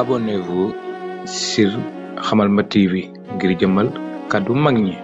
abonnez-vous xamal Hamalma TV ngir jëmmal kàddu mag ñi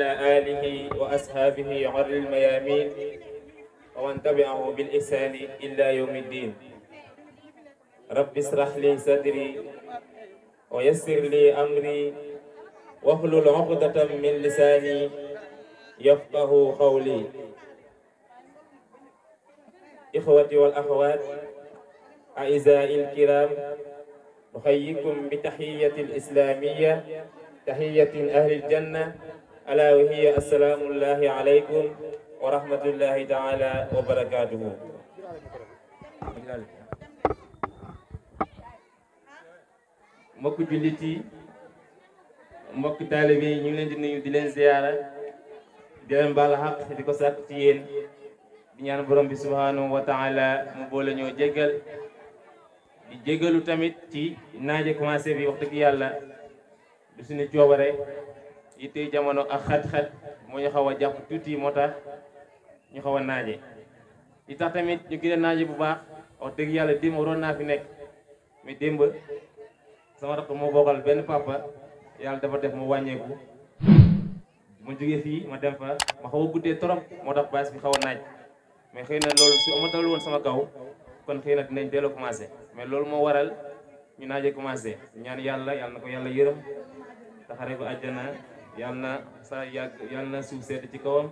وعلى آله وأصحابه عر الميامين ومن تبعه بالإحسان إلى يوم الدين رب اشرح لي صدري ويسر لي أمري واحلل عقدة من لساني يفقه قولي إخوتي والأخوات أعزائي الكرام أحييكم بتحية الإسلامية تحية أهل الجنة alaa wa hiya asalaamullahi aleykum wa rahmatullahi taala wa barakaatuhu mbokk jullit yi ñu ngi leen di nuyu di leen ziyaara di leen baal xaq di ko sàkk ci yéen ñaan borom bi subhaanahu wa mu boole ñoo jéggal di jéggalu tamit ci naaje commencé bi wax dëgg yàlla du suñu coobare yitte jamono ak xat-xat moo ñu xaw a jàpp tuuti moo tax ñu xaw a naaje li tax tamit ñu gën a naaje bu baax wax dëgg yàlla ma waroon naa fi nekk mais démb sama rakk moo bokkal benn papa yàlla dafa def mu wàññeeku mu jógee fii ma dem fa ma xaw a guddee trop moo tax baas bi xaw a naaj mais xëy na loolu su ma dal woon sama kaw kon xëy na dinañ delloo commencé mais loolu moo waral ñu naaje commencé ñaan yàlla yàlla na ko yàlla yërëm taxare ko àjjana yal na sa yàgg yal na ci kawam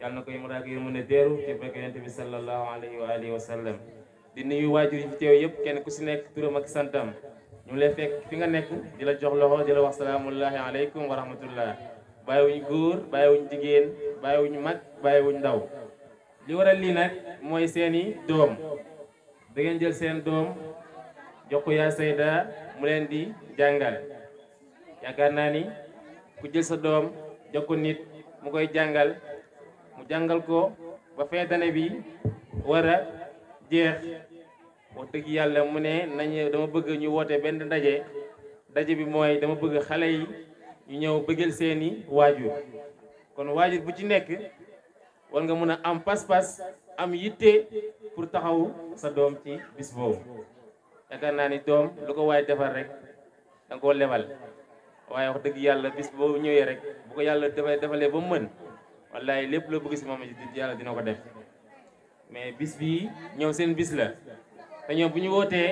yal na ko yëm raak yër mën ci bi sallallahu alayhi wa alihi wa sallam di nuyu waajur yi fi teew yëpp kenn ku si nekk turam ak santam ñu ngi lay fekk fi nga nekk di la jox loxo di la wax salaamullahi aleykum wa rahmatullah bàyyiwuñ góor bàyyiwuñ jigéen bàyyiwuñ mag bàyyiwuñ ndaw li waral lii nag mooy seeni doom da ngeen jël seen doom jox ko ya sayda mu di ya ni ku jël sa doom jox ko nit mu koy jàngal mu jàngal ko ba fin d'année bi war a jeex moo dëgg yàlla mu ne nañu dama bëgg ñu woote benn ndaje ndaje bi mooy dama bëgg xale yi ñu ñëw bëggal seeni waajur kon waajur bu ci nekk war nga mën a am pas-pas am yitte pour taxaw sa doom ci bis boobu yaakaar naa ni doom lu ko waaye defar rek danga ko lebal waaye wax dëgg yàlla bis boo ñëwee rek bu ko yàlla dafa defalee ba mu mën wallaay lépp loo bëgg si moom yàlla dina ko def mais bis bii ñoom seen bis la te bu ñu wootee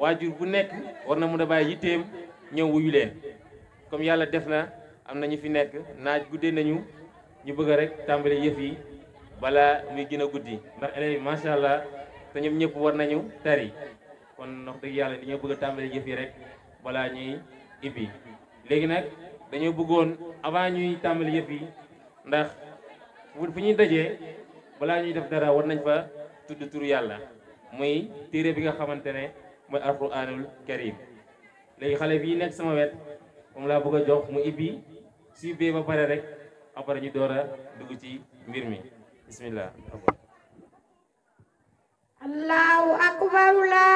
waajur bu nekk war na mun a bàyyi yitteem ñëw wuyu leen comme yàlla def na am na ñu fi nekk naaj guddee nañu ñu bëgg rek tàmbali yëf yi balaa muy gën a guddi ndax élèves yi macha allah te ñoom ñëpp war nañu tari kon wax dëgg yàlla dañoo bëgg a tàmbali yëf yi rek balaa ñuy ibbi. léegi nag dañoo bëggoon avant ñuy tàmbali yëpp yi ndax fu ñuy dajee balaa ñuy def dara war nañ fa tudd tur yàlla muy téere bi nga xamante ne mooy alquranul karim léegi xale bii nekk sama wet moom laa bëgg a jox mu ibbi su bee ba pare rek après ñu door a dugg ci mbir mi bismillah allahu akbar la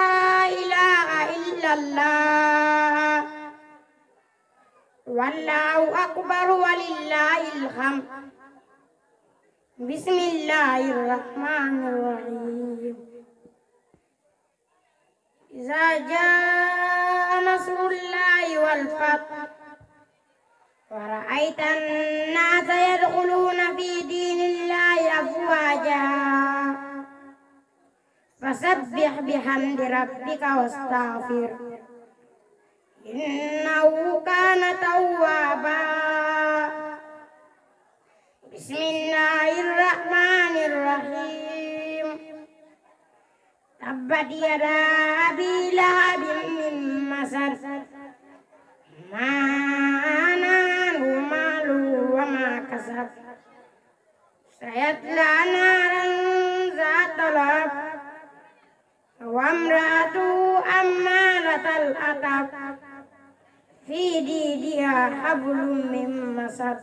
ilaha illallah والله أكبر ولله الحمد بسم الله الرحمن الرحيم إذا جاء نصر الله والفتح ورأيت الناس يدخلون في دين الله أفواجا فسبح بحمد ربك واستغفره innahu kana tawwaba bismillahirrahmanirrahim tabbat yada malu wa ma kasab sayatla naran zatalab في ديدها حبل من مسر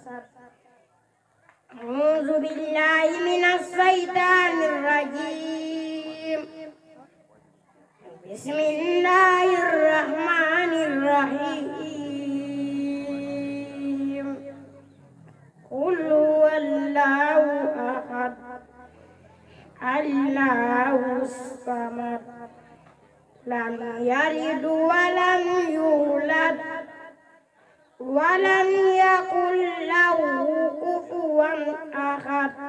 أعوذ بالله من الشيطان الرجيم بسم الله الرحمن الرحيم قل هو الله أحد الله الصمد لم يرد ولم يولد ولم يكن له كفوا أحد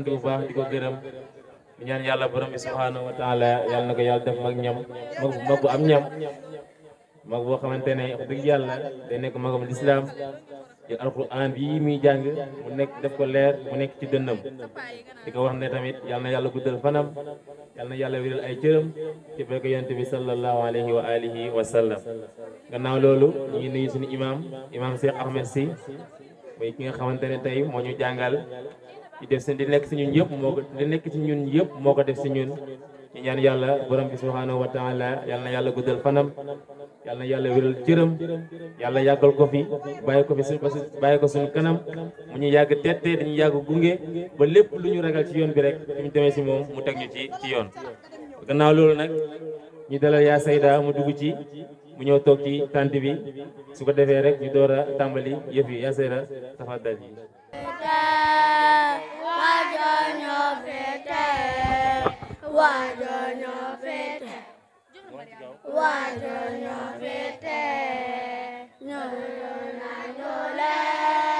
sant bu baax di ko gërëm ñaan yàlla borom bi subhaanahu wa taala yàlla na ko yàlla def mag ñam mag mag bu am ñam mag boo xamante ne wax dëgg yàlla day nekk magam lislaam jël alquran bii muy jàng mu nekk def ko leer mu nekk ci dënnam di ko wax ne tamit yàlla na yàlla guddal fanam yàlla na yàlla wéral ay cëram ci barke yonent bi sallallahu alayhi wa alihi wa sallam gannaaw loolu ñu ngi nuyu suñu imam imam Cheikh Ahmed Sy muy ki nga xamante ne tey moo ñu jàngal di def si di nekk si ñun yëpp moo ko di nekk ko def si ñun ñu ñaan yàlla borom bi subhaanahu wa taala yàlla guddal fanam yàlla wéral cëram yàlla yàggal ko fi bàyyi ko fi su bàyyi ko suñu kanam mu ñu yàgg tettee dañu yàgg gunge ba lépp lu ñu ragal ci yoon bi rek ñu demee si moom mu teg ñu ci ci yoon gannaaw loolu nag ñu dalal yaa sayda mu dugg ci mu ñëw toog ci tànt bi su ko defee rek ñu door a tàmbali yëf yi yaa sayda tafaddal yi Why don't you be there? No, no, no, no, no.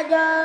Aja.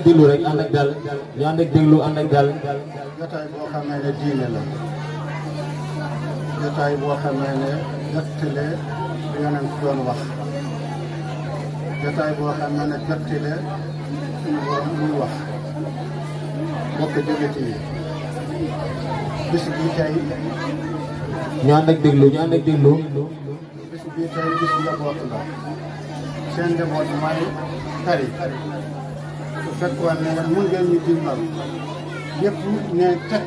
ak déglu rek ànd ak dal ñu ànd ak déglu ànd ak dal. jotaay boo xamee ne diine la jotaay boo xamee ne jottile li nga doon wax jotaay boo xamee ne jottile suñu borom muy wax bokk jullit yi bis bi tey. ñu ànd ak déglu ñu ànd ak déglu. bis bi tey bis njaboot la seen njaboot mooy tari. fekkoon ne leen mun ngeen ñu dimbal ñëpp ne teg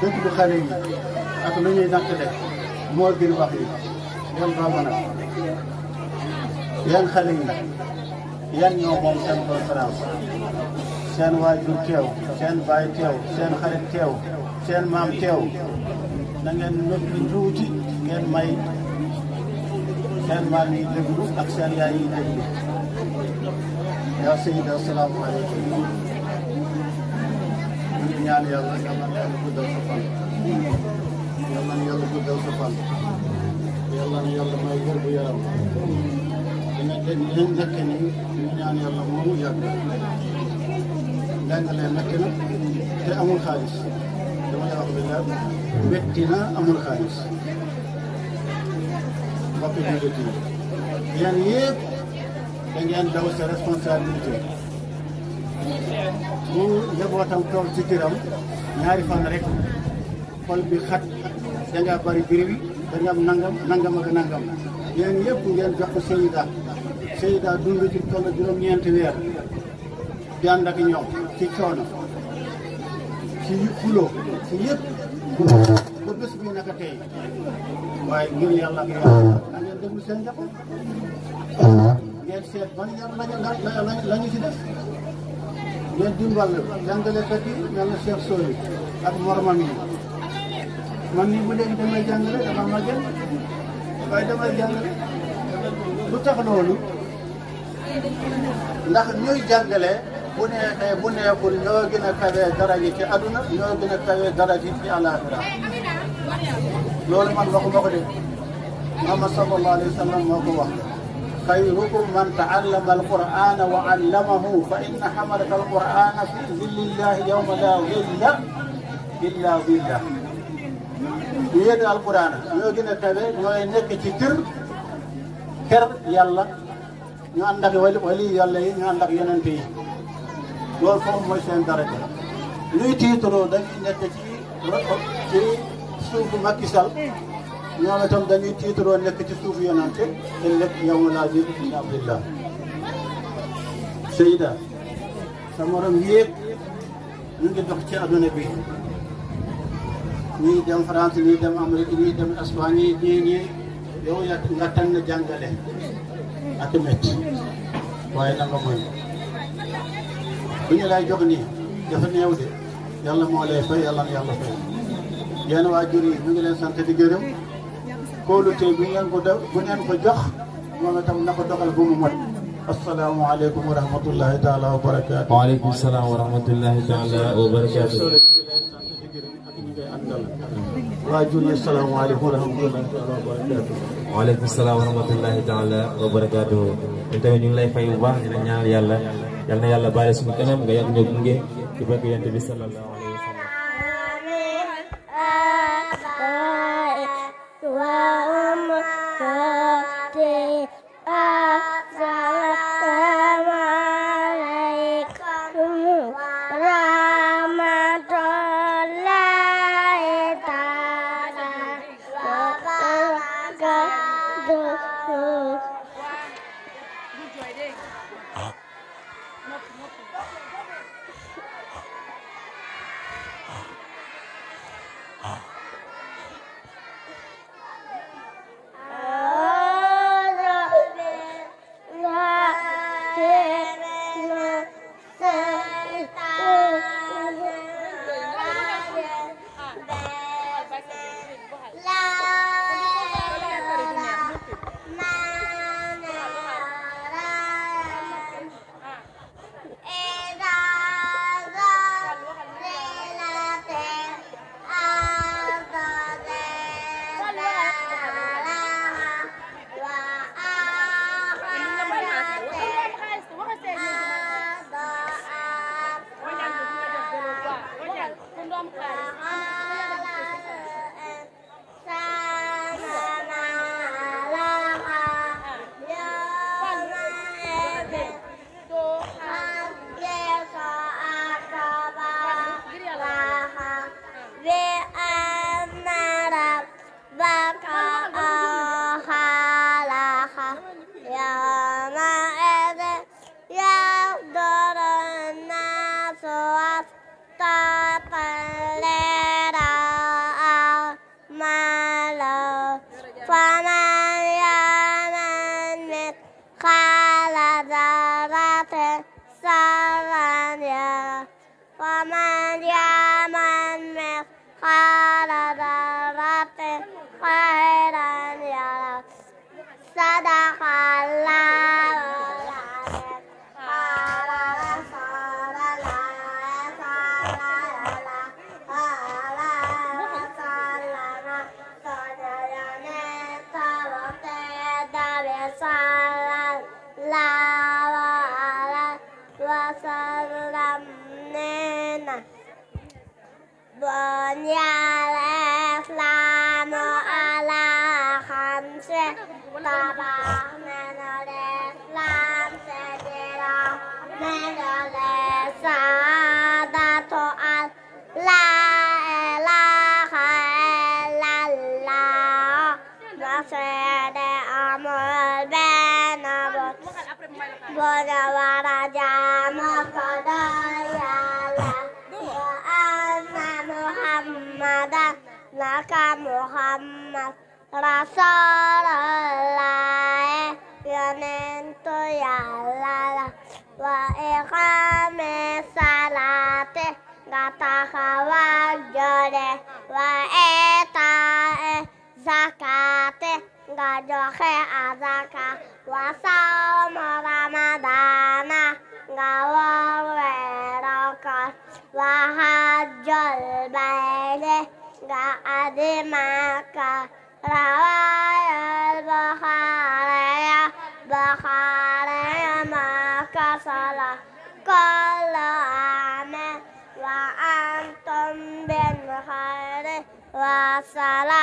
dëkk bu xale yi ak lu ñuy natt moo gën wax yi yan boobu nag yan xale yi yan ñoo moom seen conférence seen waajur teew seen baay teew seen xarit teew seen maam teew na ngeen noppi ngeen may seen maam yi déglu ak seen yaay yi déglu yaa Seydi asalaamaaleykum ñu ngi ñaan yàlla yàlla na yàlla guddal sa fan yàlla na yàlla guddal sa fan yàlla na yàlla may wér bu yaram dina dem dinañ nekk nii ñu ñaan yàlla moomu yàgg danga leen nekk na te amul xaalis dama lay wax bi la métti na amul xaalis mbokk jullit yi yéen yëpp dangeen daw sa responsabilité bu njabootam toog ci këram ñaari fan rek xol bi xat da bari biriwi da nga nangam nangam ak nangam yéen yëpp ngeen jox Seyda Seyda dund ci toll juróom-ñeenti weer di ànd ak ñoom ci coono ci fuloo ci bi naka ngir ak ngeen seen ngeen seet ban yar lañu lañu ci def ngeen dimbal jàngalekat yi mel na Cheikh Sooy ak moromam man nii bu dee damay jàngale dafa ma jël waaye damay jàngale lu tax loolu ndax ñuy jàngale bu neexee eh, bu neexul ñoo gën a kawee dara ji ci aduna ñoo gën a kawee dara ji ci àllaaxira loolu man waxu ma de Muhammad sallallahu alayhi wa moo ko wax خيركم من تعلم القرآن وعلمه فإن حملة القرآن في ظل الله يوم لا ظل إلا ظله يد القرآن يوجد تبع يوينك تتر كر يلا يوعندك ولي يلا يوعندك يننتي وفهم مشان درجة لي تيترو دك نتكي سوف مكسل ñoom itam dañuy tiitaroo nekk ci suuf yonante te nekk yow laa ji ibn abdillah Seyda sa morom yépp ñu ngi dox ci adduna bi ñii dem France ñii dem Amérique ñii dem Espagne ñii ñii ñii yow ya nga tànn jàngale ak métti waaye na nga mooy bu ñu lay jox nii dafa néew de yàlla moo lay fay yàlla na fay yéen waa ñu ngi leen sant di gërëm كولو تي بنيان بنيان بجخ ومتم نقو دقل بممت السلام عليكم ورحمة الله تعالى وبركاته وعليكم السلام ورحمة الله تعالى وبركاته وعليكم السلام ورحمة الله تعالى وبركاته انتو نيو لاي فاي وبا نيال يالا يالنا يالا بارس متنم غيا نيو بونغي كيبا كيانتي بي صلى الله عليه وسلم Hello. Nada Naka Muhammad Rasulullah Yonentu Yalala Wa Iqami Salate Gata Khawajode Wa e Itae Zakate Gajokhe Azaka Wa Saum Ramadana lahajol bale ga ademaka rawal bahare ya bahare maka sala kala ame wa antum bin bahare wa sala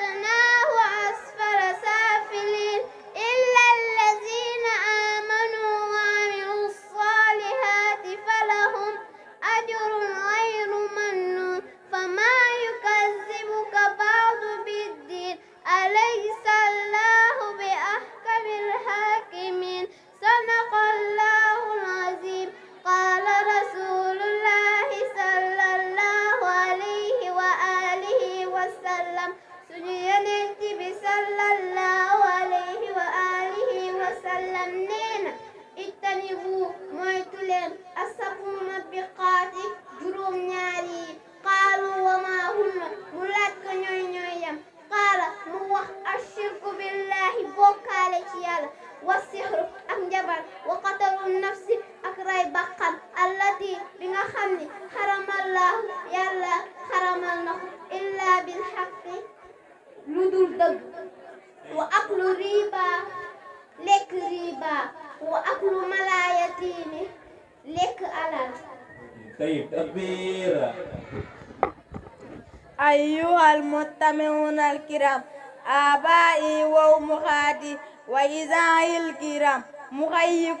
adını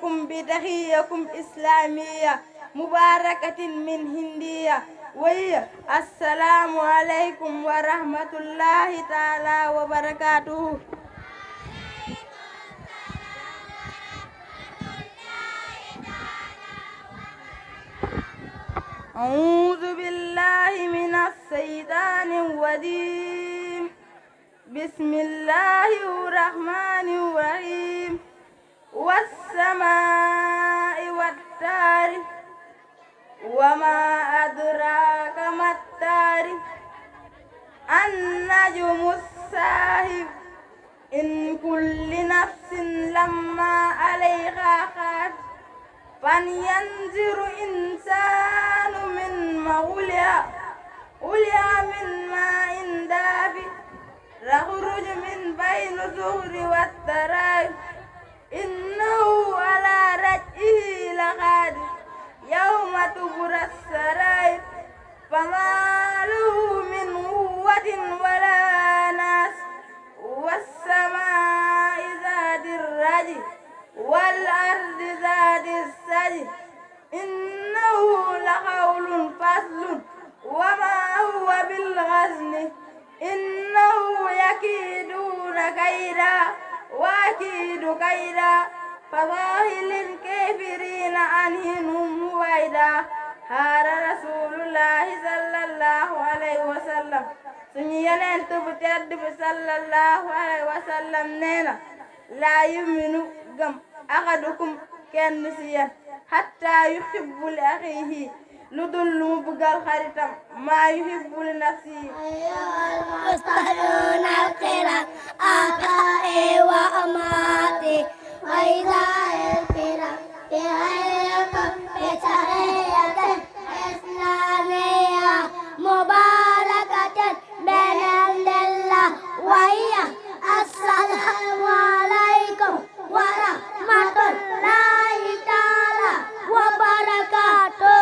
لكم بتحيكم إسلامية مباركة من هندية وي السلام عليكم ورحمة الله تعالى وبركاته ينذر إنسان من غلي غلي من ماء دافئ لخرج من بين الظهر والترائب إنه على رجعه لقادر يوم تبرى السرائب فما له من قوة ولا ناس والسماء ذات الرجل والأرض ذات السجد إنه لقول فصل وما هو بالغزل إنه يكيدون كيدا وأكيد كيدا فظاهل الكافرين عنهم ويدا هذا رسول الله صلى الله عليه وسلم سنينا تبتد صلى الله عليه وسلم نينا لا يؤمن أحدكم كان سيا حتى يحب لأخيه لدن لوبغا الخريطة ما يحب لنفسه أيها المصطلون القرآن أخائي وأماتي وإذا وهي الصلاة على बन का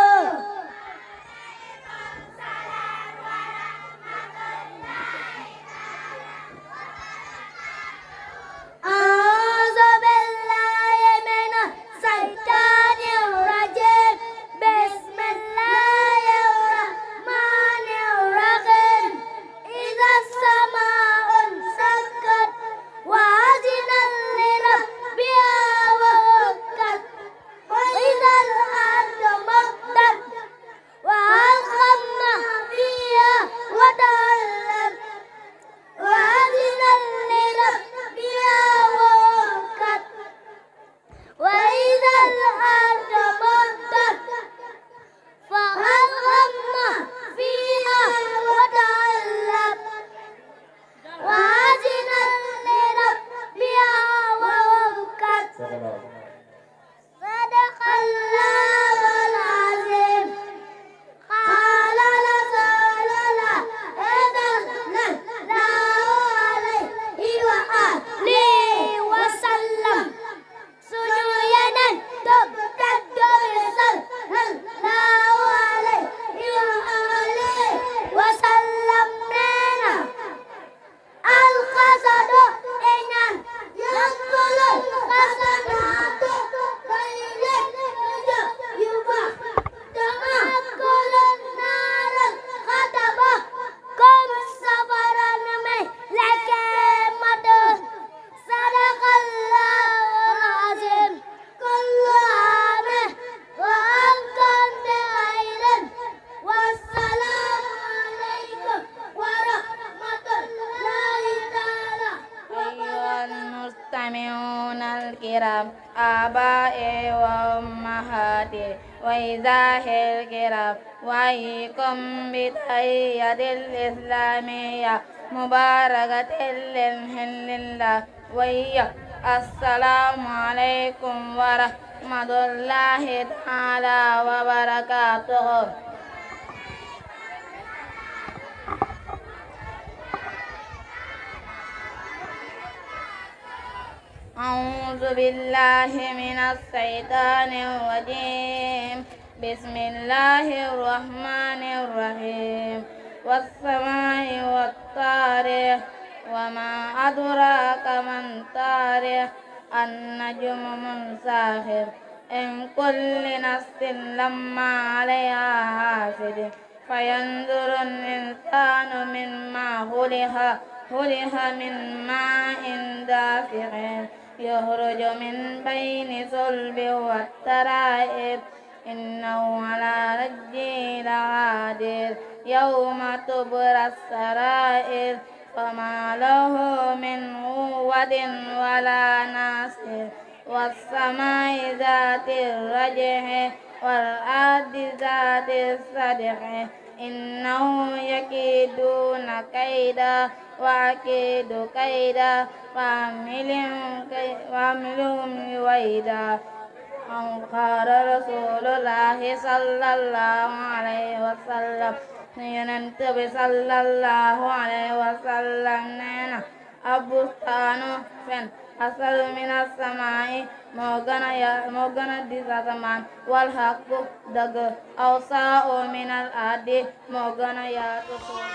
للحل الله السلام عليكم ورحمة الله تعالى وبركاته أعوذ بالله من الشيطان الرجيم بسم الله الرحمن وما أدراك من تاريخ النجم ساخر إن كل نفس لما عليها حافظ فينظر الإنسان مما خلق خلق من ماء دافق يخرج من بين صلب والترائب إنه على رجل لقادر يوم تبرى السرائر فما له من قوة ولا ناصر والسماء ذات الرجع والأرض ذات الصدح إنهم يكيدون كيدا وأكيد كيدا وأعملهم كي قال رسول الله صلى الله عليه وسلم നിയനന്ത് ബിസല്ലല്ലാഹു അലൈഹി വസല്ലം നേന അബ്ബുസ്ഥാനു ഫൻ أسأل من السماء موغنا موغنا دي زمان والحق دغ أوصاء من الأرض موغنا يا تقول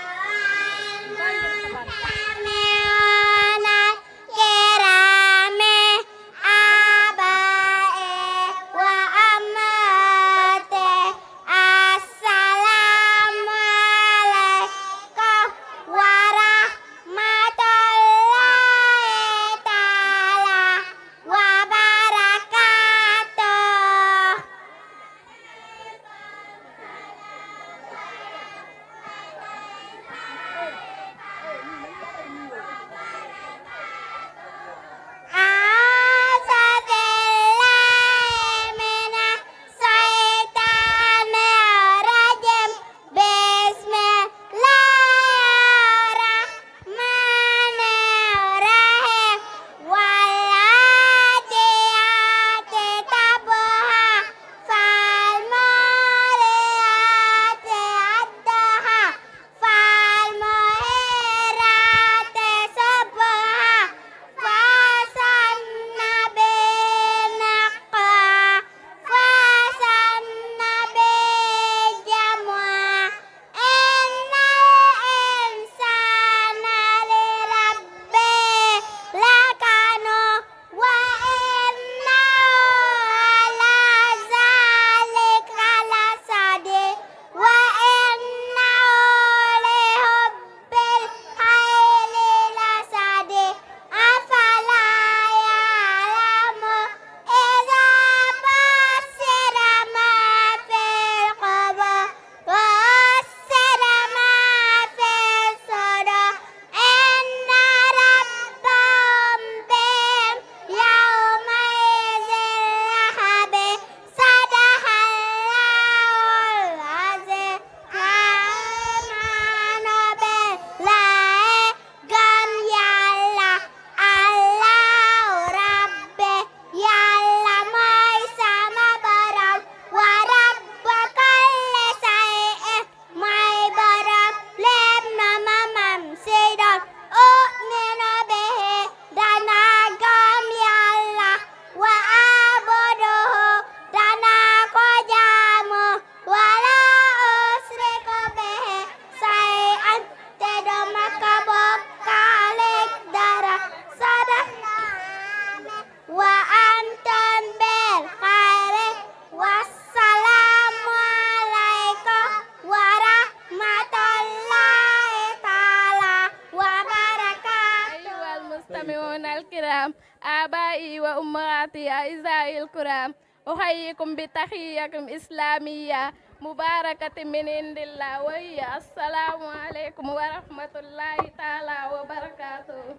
mubarakati min indillah wayya aleykum wa rahmatullahi taala wa barakatuhu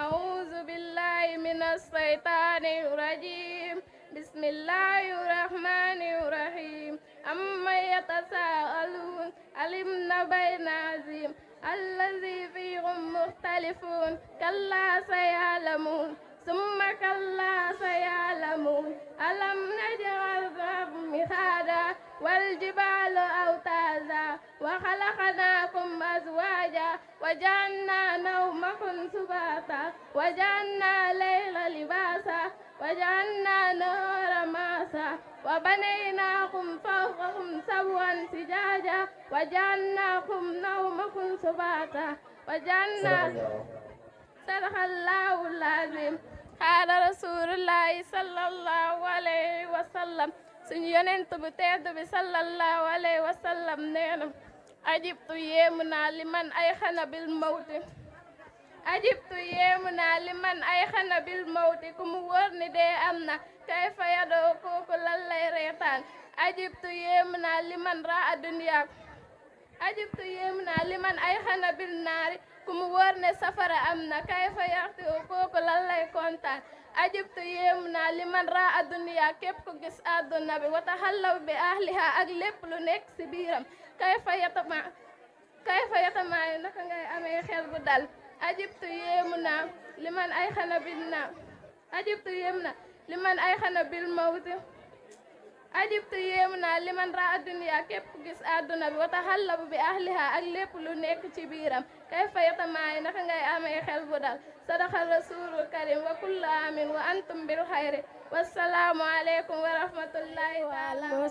أعوذ بالله من الشيطان الرجيم بسم الله الرحمن الرحيم أما يتساءلون علمنا الذي فيهم مختلفون كلا سيعلمون ثم كلا سيعلمون ألم نجعل مهادا والجبال أوتادا وخلقناكم أزواجا وجعلنا نومكم سباتا وجعلنا الليل لباسا وجعلنا نهارا ماسا وبنيناكم فوقكم سبوا سجاجا وجعلناكم نومكم سباتا وجعلنا صدق الله العظيم قال رسول الله صلى الله عليه وسلم suñ yonent bu tedd bi sallallahu alayhi wa sallam nee na ajibtu yéemu ajibtu yéemu liman li man ay xana bil mawti ku mu wóor ni dee am na kay fa yadoo kooku lan lay reetaan ajibtu yéemu naa ra a ajibtu yéemu naa ay xana bil naari ku mu safara am na kay fa yarti oo kooku lan lay kontaan ajibtu yéemu naa ra a duniyaa képp gis àdduna bi wata xallaw bi ahliha ak lépp lu nekk ci biiram kay fa yatama kay fa yatama naka ngay amee xel bu أجبت يمنا لمن أيخنا بالنا أجبت يمنا لمن أيخنا بالموت أجبت يمنا لمن رأى الدنيا كيف قس أدنى وتحلب بأهلها أغلب لنك تبيرم كيف يتمعين خنجي آمي خلف دال صدق الرسول الكريم وكل آمين وأنتم بالخير والسلام عليكم ورحمة الله تعالى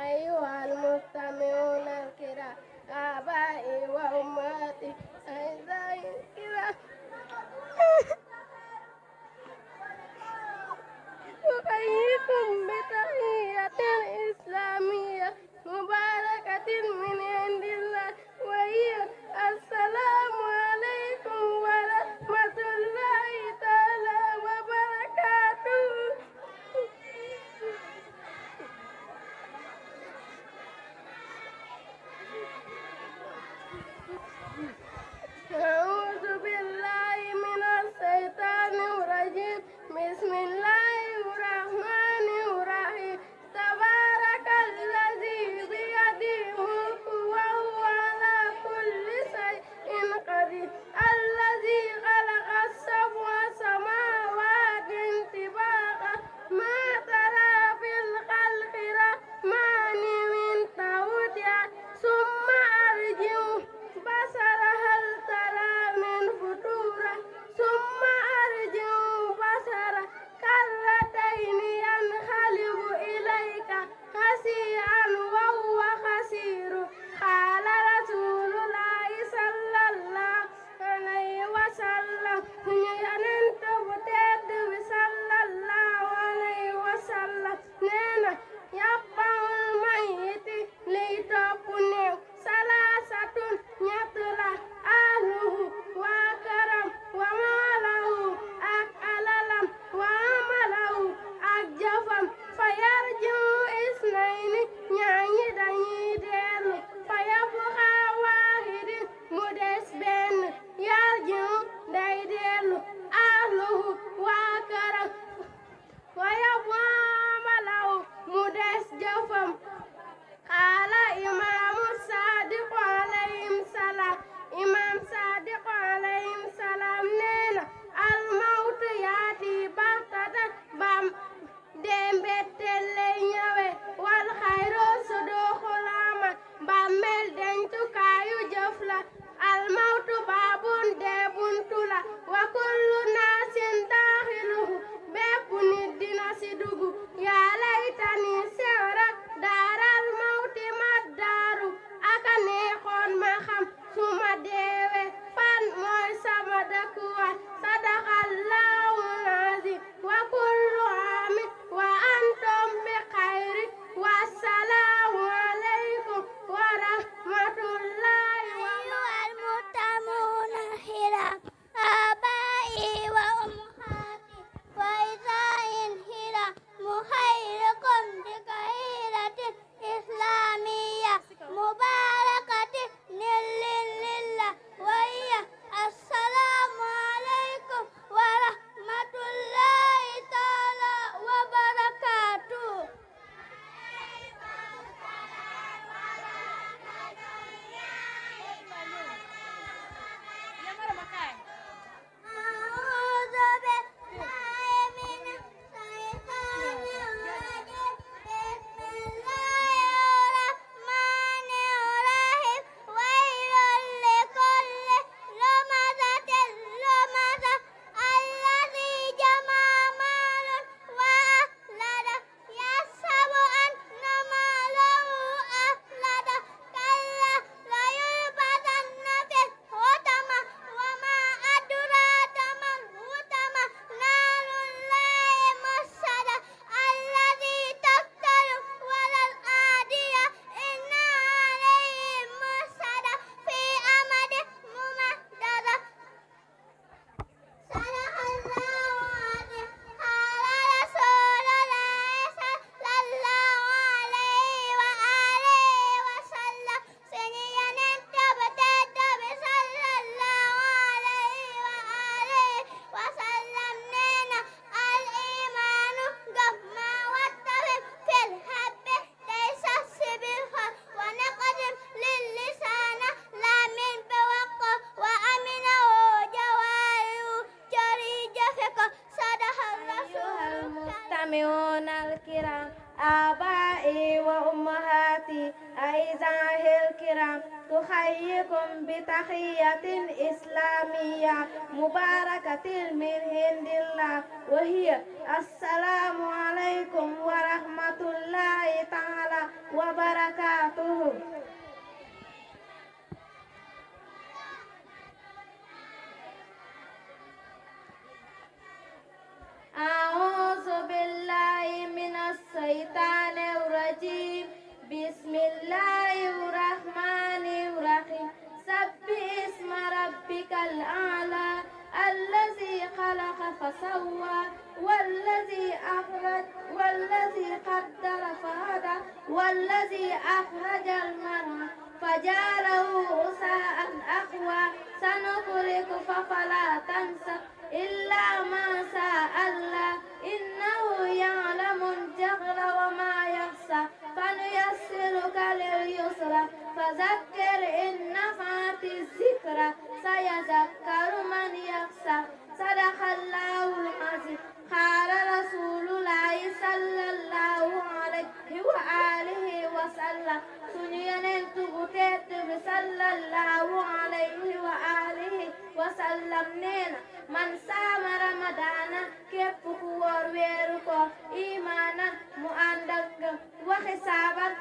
أيها المستمعون الكرام آبائي وأمهاتي أعزائي إسلامية مباركة من عند الله وهي السلام عليكم ورحمة الله وذكر إن نفعت الذكرى سيذكر من يخشى صدق الله العظيم قال رسول الله صلى الله عليه وآله وسلم سنين تغتيت صلى الله عليه وآله wasallam nee na man saama ramadaana képp ku woor weeru koor imaanan mu ànd ak gëm waxe ak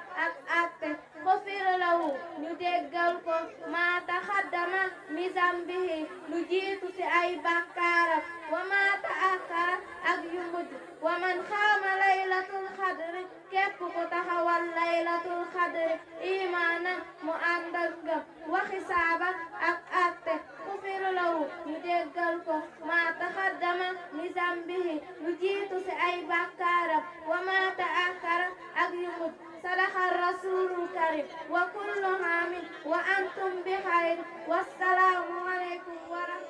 atte xufira lahu ñu déggal ko maa taxaddama mi zambihi lu jiitu ci ay bàkkaaram wa maa taaxara ak yu ومن خام ليلة الخدر كيف متهوى ليلة الخدر إيمانا مؤندقا وخسابا أكأت غفر له يدقلكم ما تقدم من به يجيت سأي بكارا وما تأخر أجمد صدق الرسول الكريم وكل عام وأنتم بخير والسلام عليكم ورحمة الله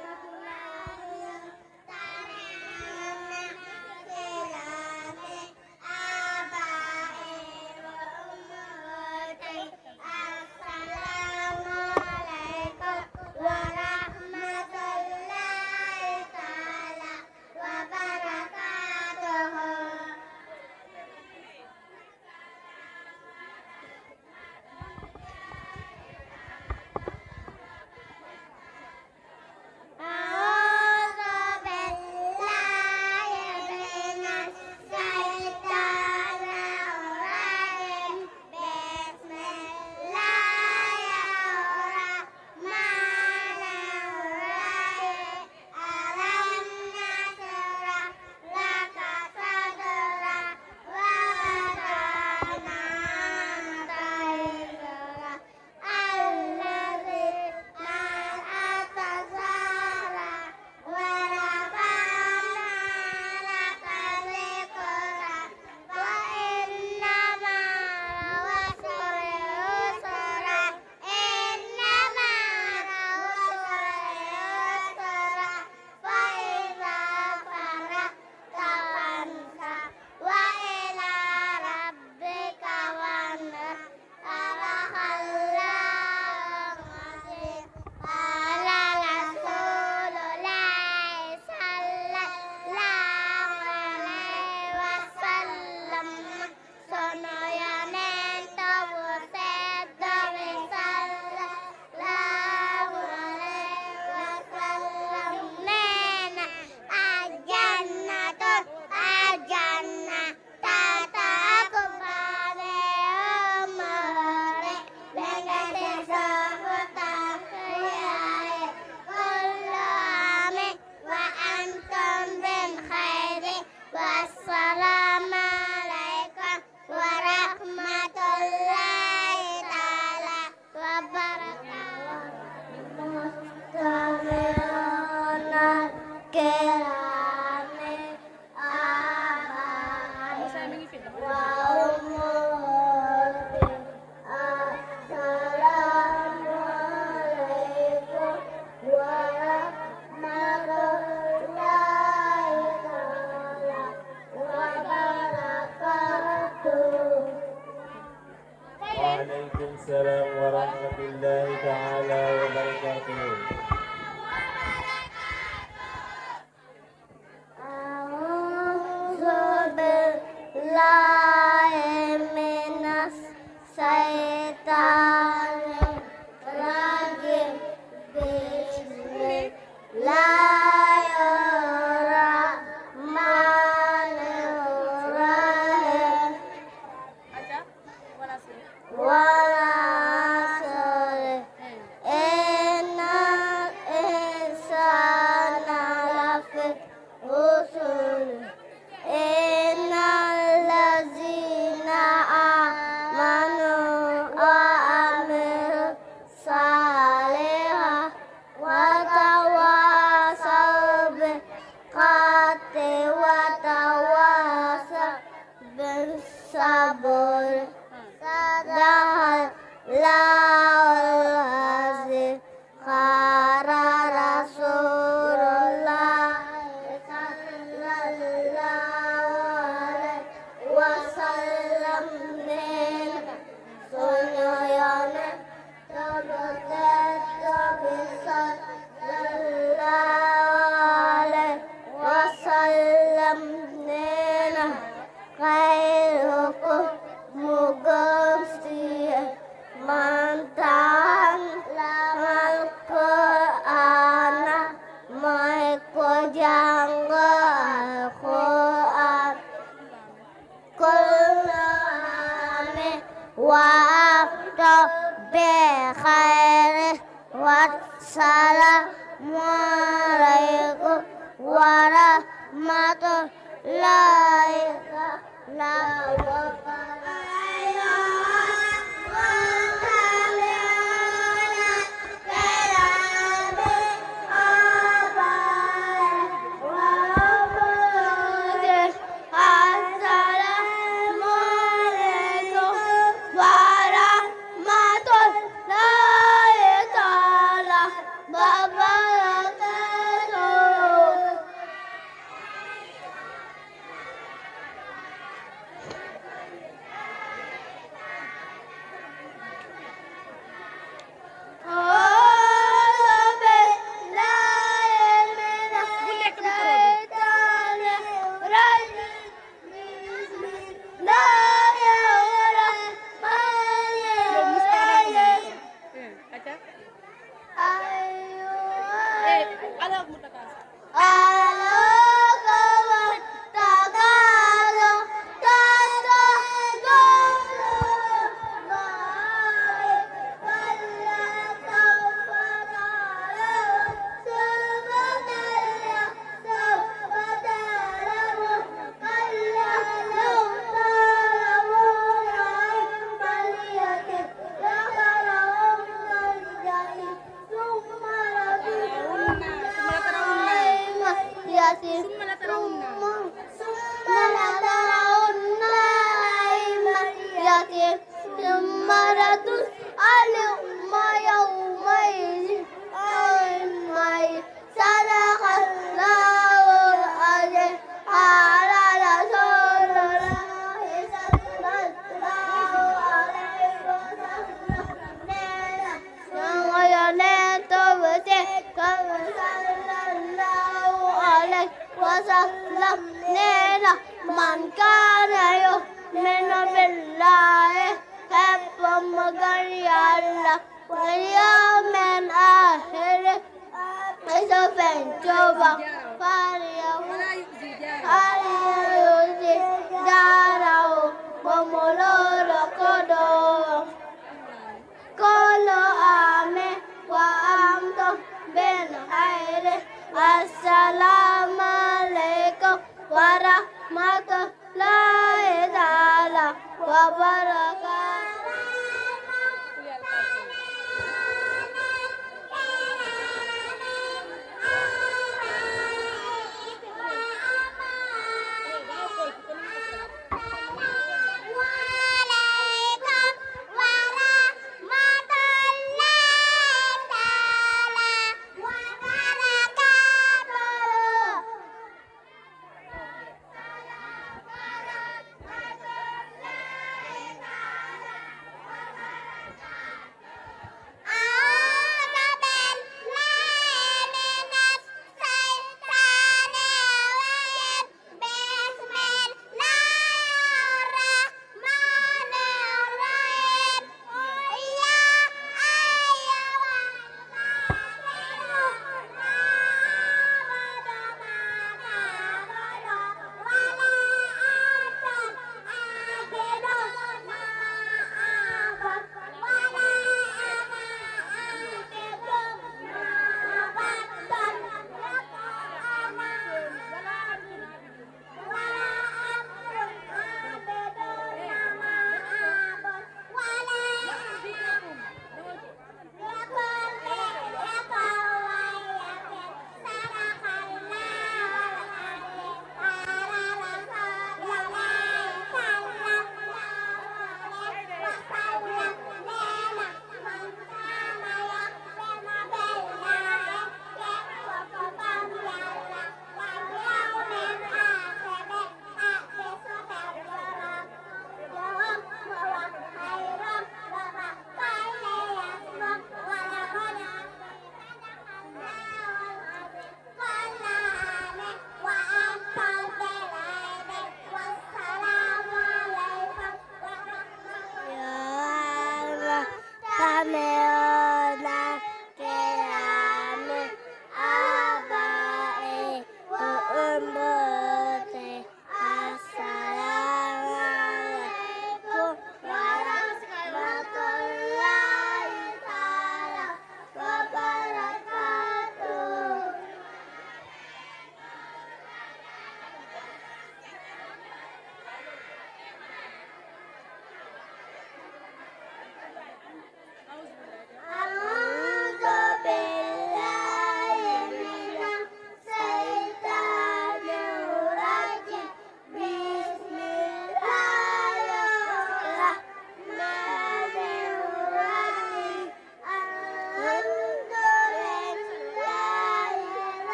السلام ورحمة الله تعالى وبركاته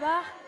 barre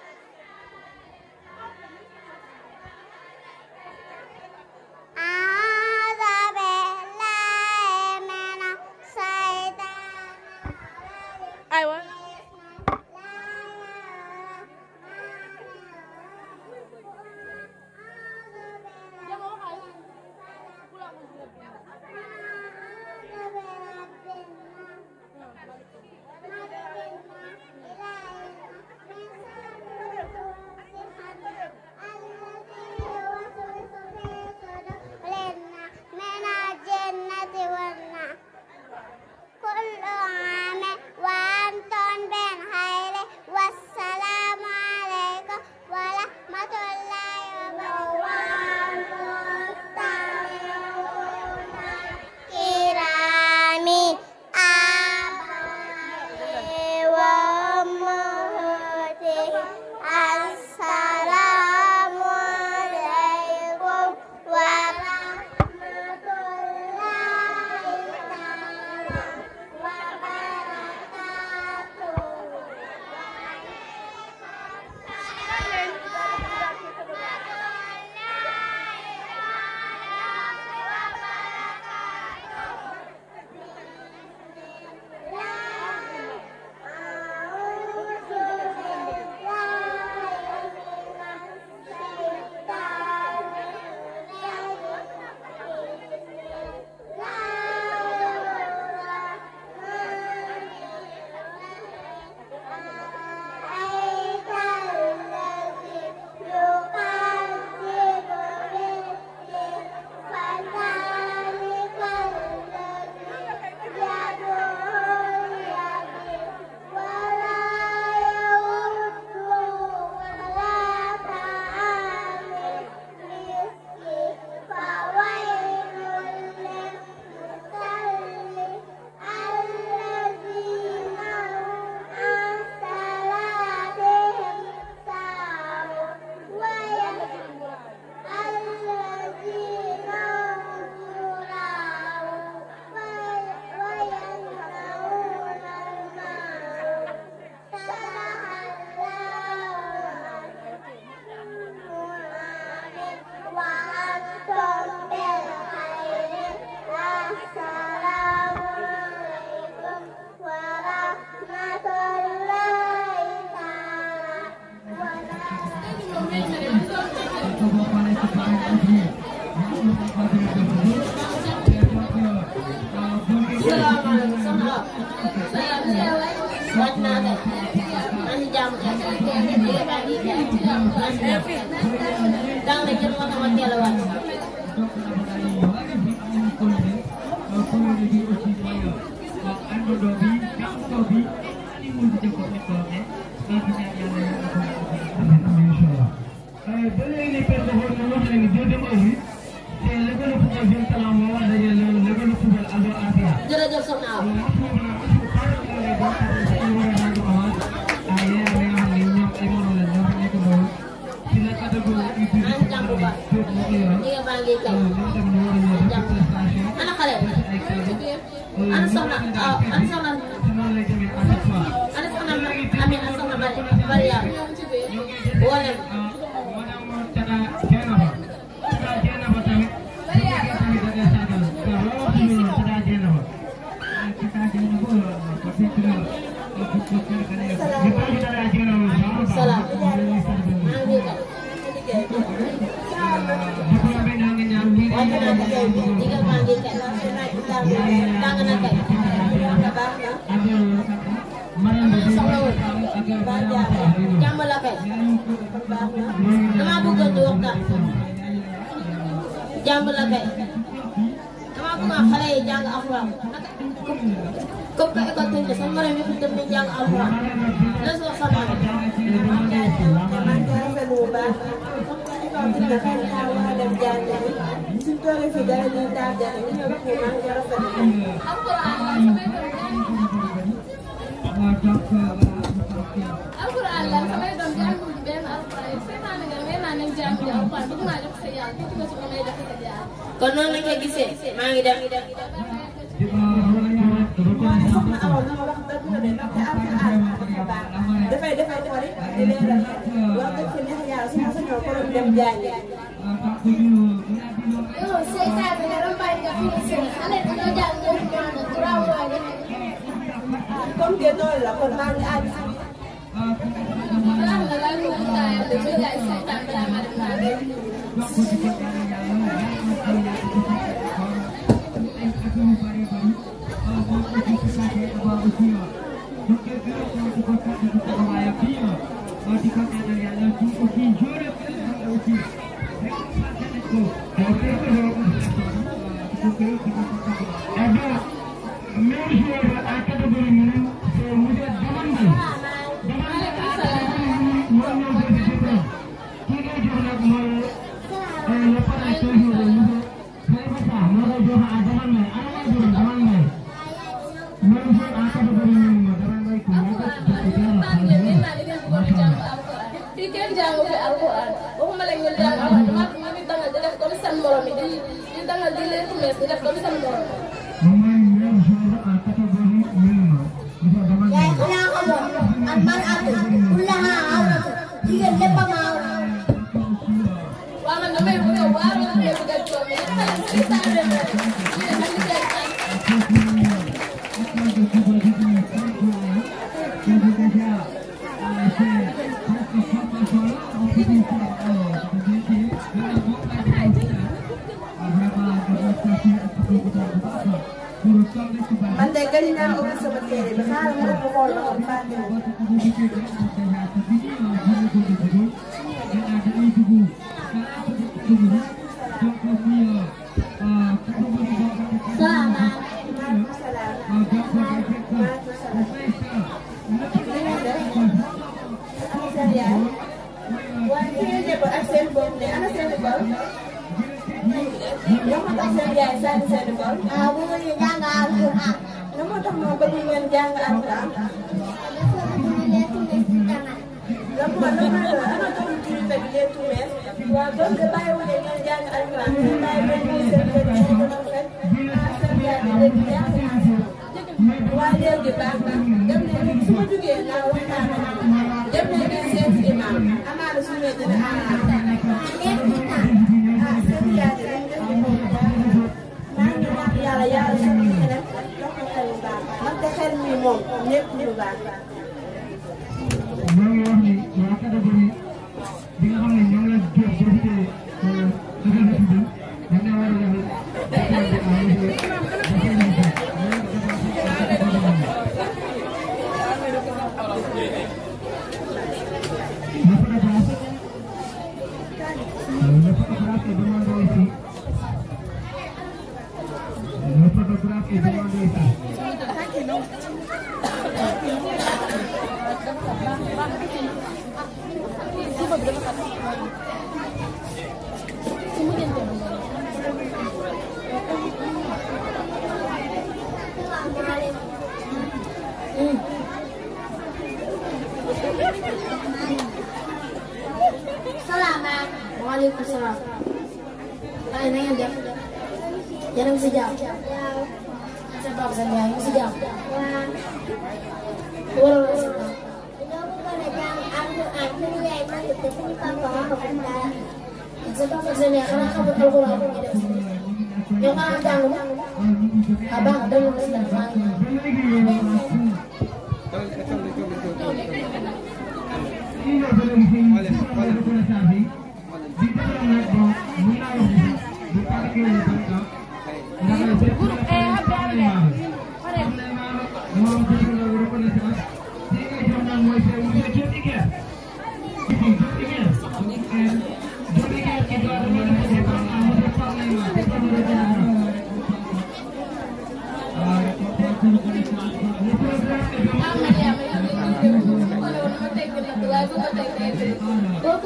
kooku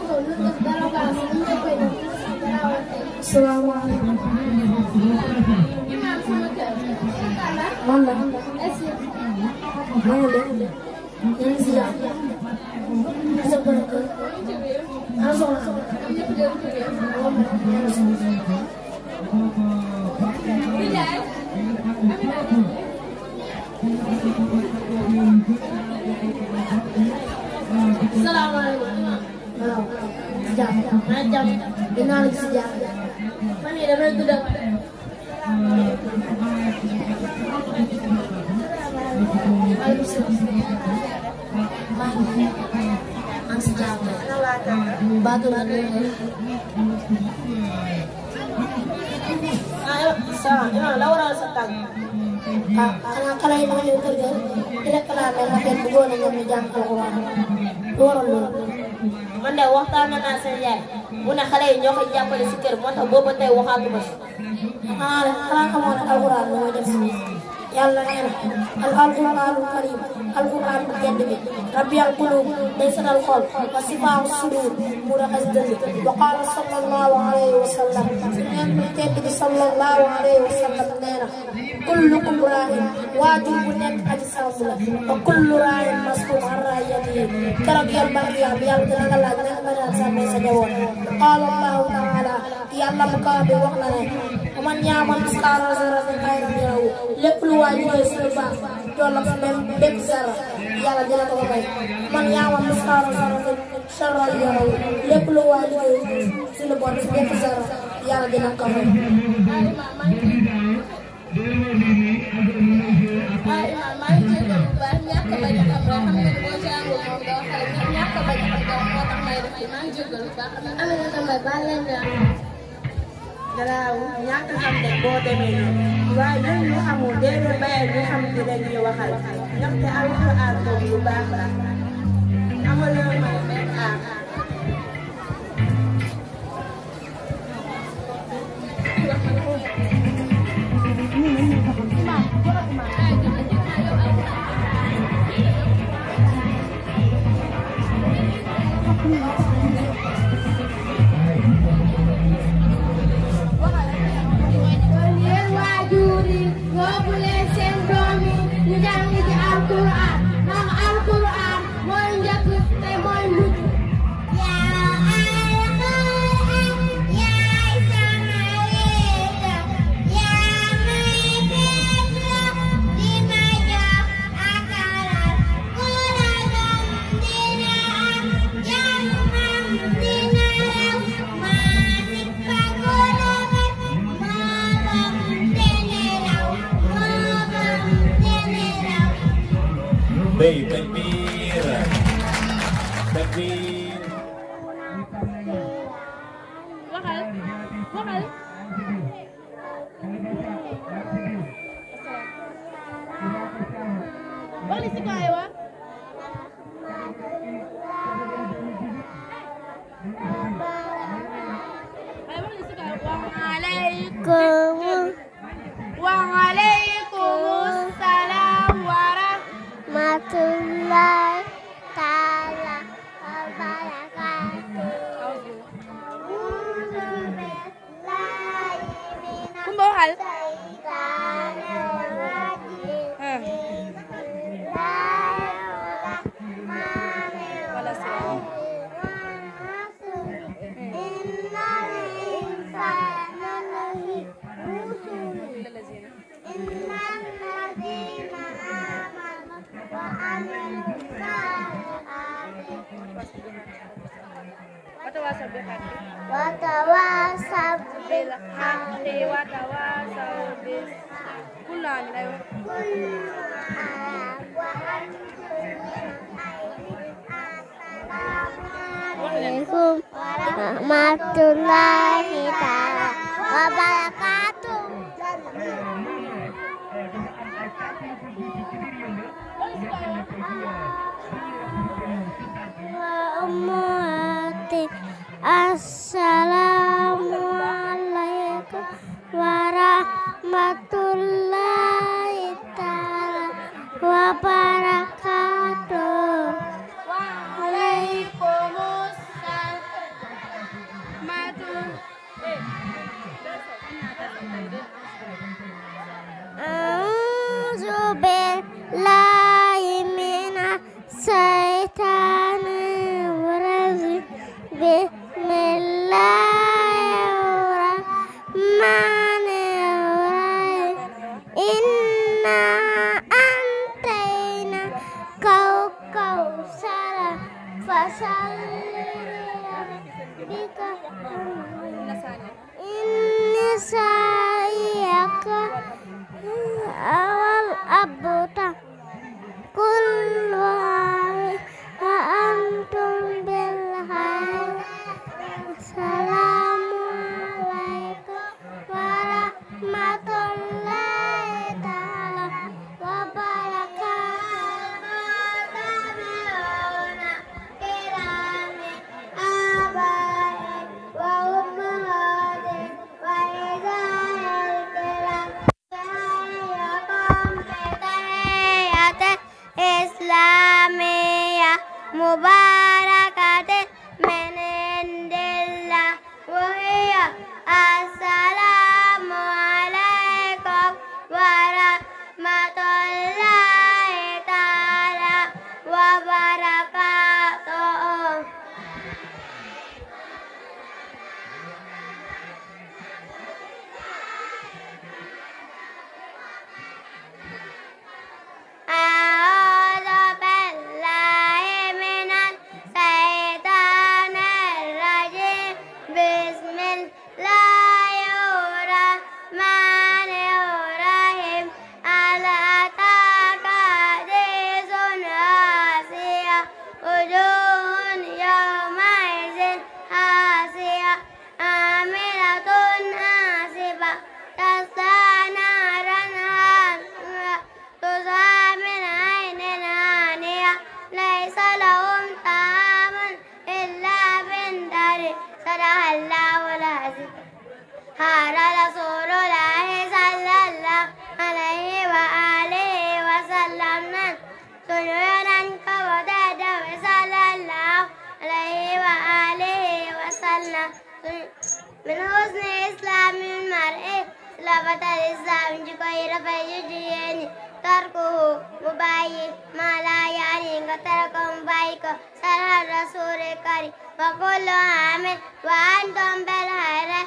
moom lu def dara baax lu ñu koy def salaamaaleykum. imaam sama kër. man la. est-ce que. man la. ñu ngi si jàmm. sa kër kër. en soxla. ñëpp jël ci biir. Bilaay. Amina. Assalamualaikum. Wow. Jam. Macam. Kenal sejak. Mana ada sudah. Ang sejak. Batu lagi. Ayo, sa, ina, Laura sa waaw xanaa xale yi ba xam ne kër ga di réclamé na fekk góor na ñoom ñu jàng alxuraan lu waral loolu. man de waxtaan naa seen yaay mu ne xale yi ñoo koy jàppale si kër moo tax boobu ba ah, xanaa xamoon na alxuraan lu ma def si. yàlla nee al alquranul karim alquran al qulub day setal xol wa sifaahu sudur mu raxas dënd wa qaala sallallahu alayhi wa sallam neen bu tedd bi sallallahu alayhi wa sallam nee na kullukum raain waajur bu nekk aji sàmm la wa kullu raain mas'uul an raayatihi keroog yal barkiyaam yàlla dina la taala yàlla mu kaw bi man yaamal askaaroo zara bi xay raw lépp lu waay liggéey si lu baax tollam si benn bépp zara yàlla dina ko may man yaamal askaaroo zara bi charal lépp lu waay liggéey si lu bon si bépp zara yàlla dala ñàkk xam de boo demee waaye ñun ñu xamul dee ñu bàyyi ñu xam di dañuy waxal ndaxte alxuraan moom lu baax la amaloo ma benn aar Thank you. God bless and Hey, قال رسول الله صلى الله عليه وآله وسلم من سجودا كبدته صلى الله عليه وآله وسلم من حسن إسلام المرء سلامة الإسلام غير فيجريني تركه مبايع ما لا يعني ترك مبايك سر الرسول الكريم وكل عام وأنتم بالخير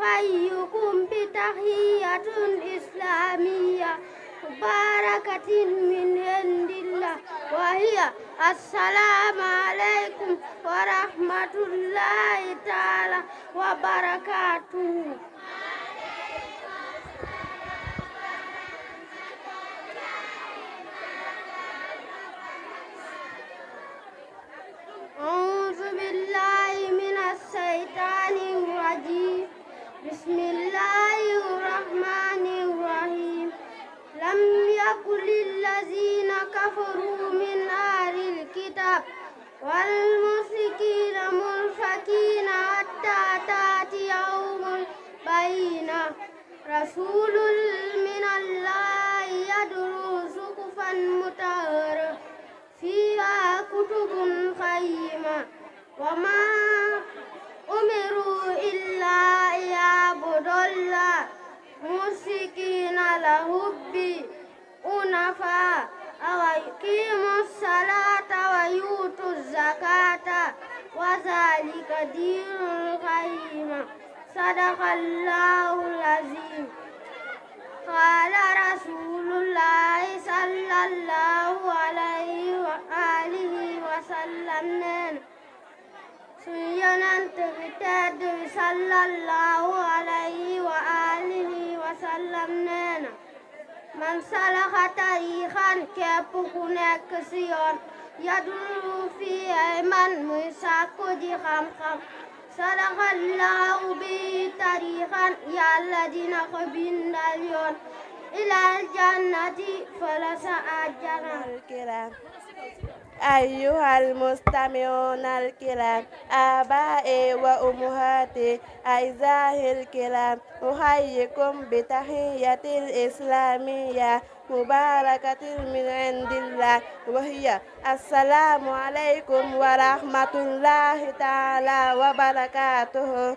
أحييكم بتحية إسلامية مباركة من عند الله وهي السلام عليكم ورحمة الله تعالى وبركاته بسم الله الرحمن الرحيم لم يكن الذين كفروا من أهل الكتاب والمشركين منفكين حتى تأتي يوم البينة رسول من الله يدعو سقفا مطهرا فيها كتب قيمة وما أمروا إلا ضل مسكين لهب أنفا ويقيموا الصلاة ويؤتوا الزكاة وذلك دين القيم صدق الله العظيم معتاد صلى الله عليه وآله وسلم نانا من سلخ تاريخا كبكناك سيون يدعو في من مساك دي خمخم سلخ الله به تاريخا يا الذين خبين اليوم إلى الجنة فلسأ أجرا الكرام نعم. أيها المستمعون الكرام آبائي إيه وأمهاتي أعزائي الكرام أحييكم بتحية الإسلامية مباركة من عند الله وهي السلام عليكم ورحمة الله تعالى وبركاته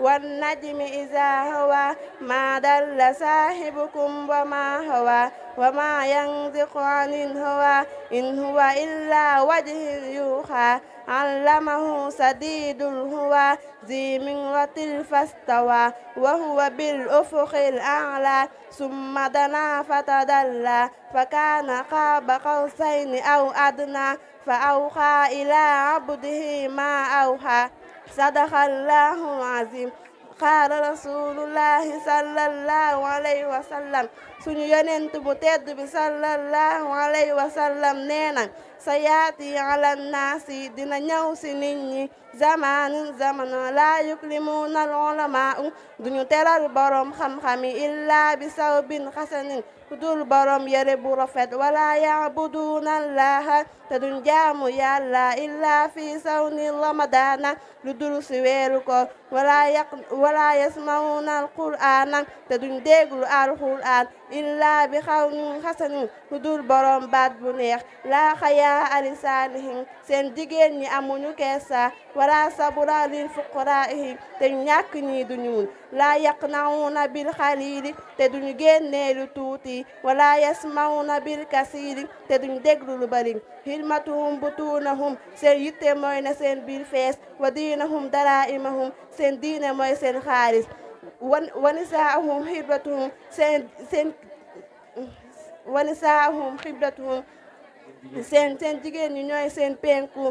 والنجم إذا هوى ما دل صاحبكم وما هوى وما ينطق عن الهوى إن هو إلا وجه يوحى علمه سديد الهوى ذي مرة فاستوى وهو بالأفق الأعلى ثم دنا فتدلى فكان قاب قوسين أو أدنى فأوحى إلى عبده ما أوحى sadaqallaahu l-aziim qaala rasuulullaahi sallallaahu alayhi wa sallam suñu yonent bu tedd bi sallallaahu alayhi wa sallam nee na sa yaati ala naasi dina ñëw si nit ñi zamaanu zamano laa yuklimuuna al ulamaa duñu teral borom xam-xami illaa bi sawbin xasanin ku dul borom yére bu rafet wala yaabuduuna allaha te duñ jaamu yàlla illaa fi sawni ramadaana لدروس ويلوكو ولا يق ولا يسمعون القرآن تدون دعو القرآن إلا بخون حسن لدور برام بعد بنيخ لا خيا أرسالهم سندقني أمونو كسا ولا صبر للفقرائهم تنيكني دنيون لا يقنعون بالخليل تدون جنة لتوتي ولا يسمعون بالكثير تدون دعو البرين himatuhum butuunahum seen yitte mooy na seen biir fees wa diinahum daraa'imahum seen diine mooy seen xaalis wan wanisaahum xibratuhum seen seen wanisaahum xibratuhum seen seen jigéen ñi ñooy seen penku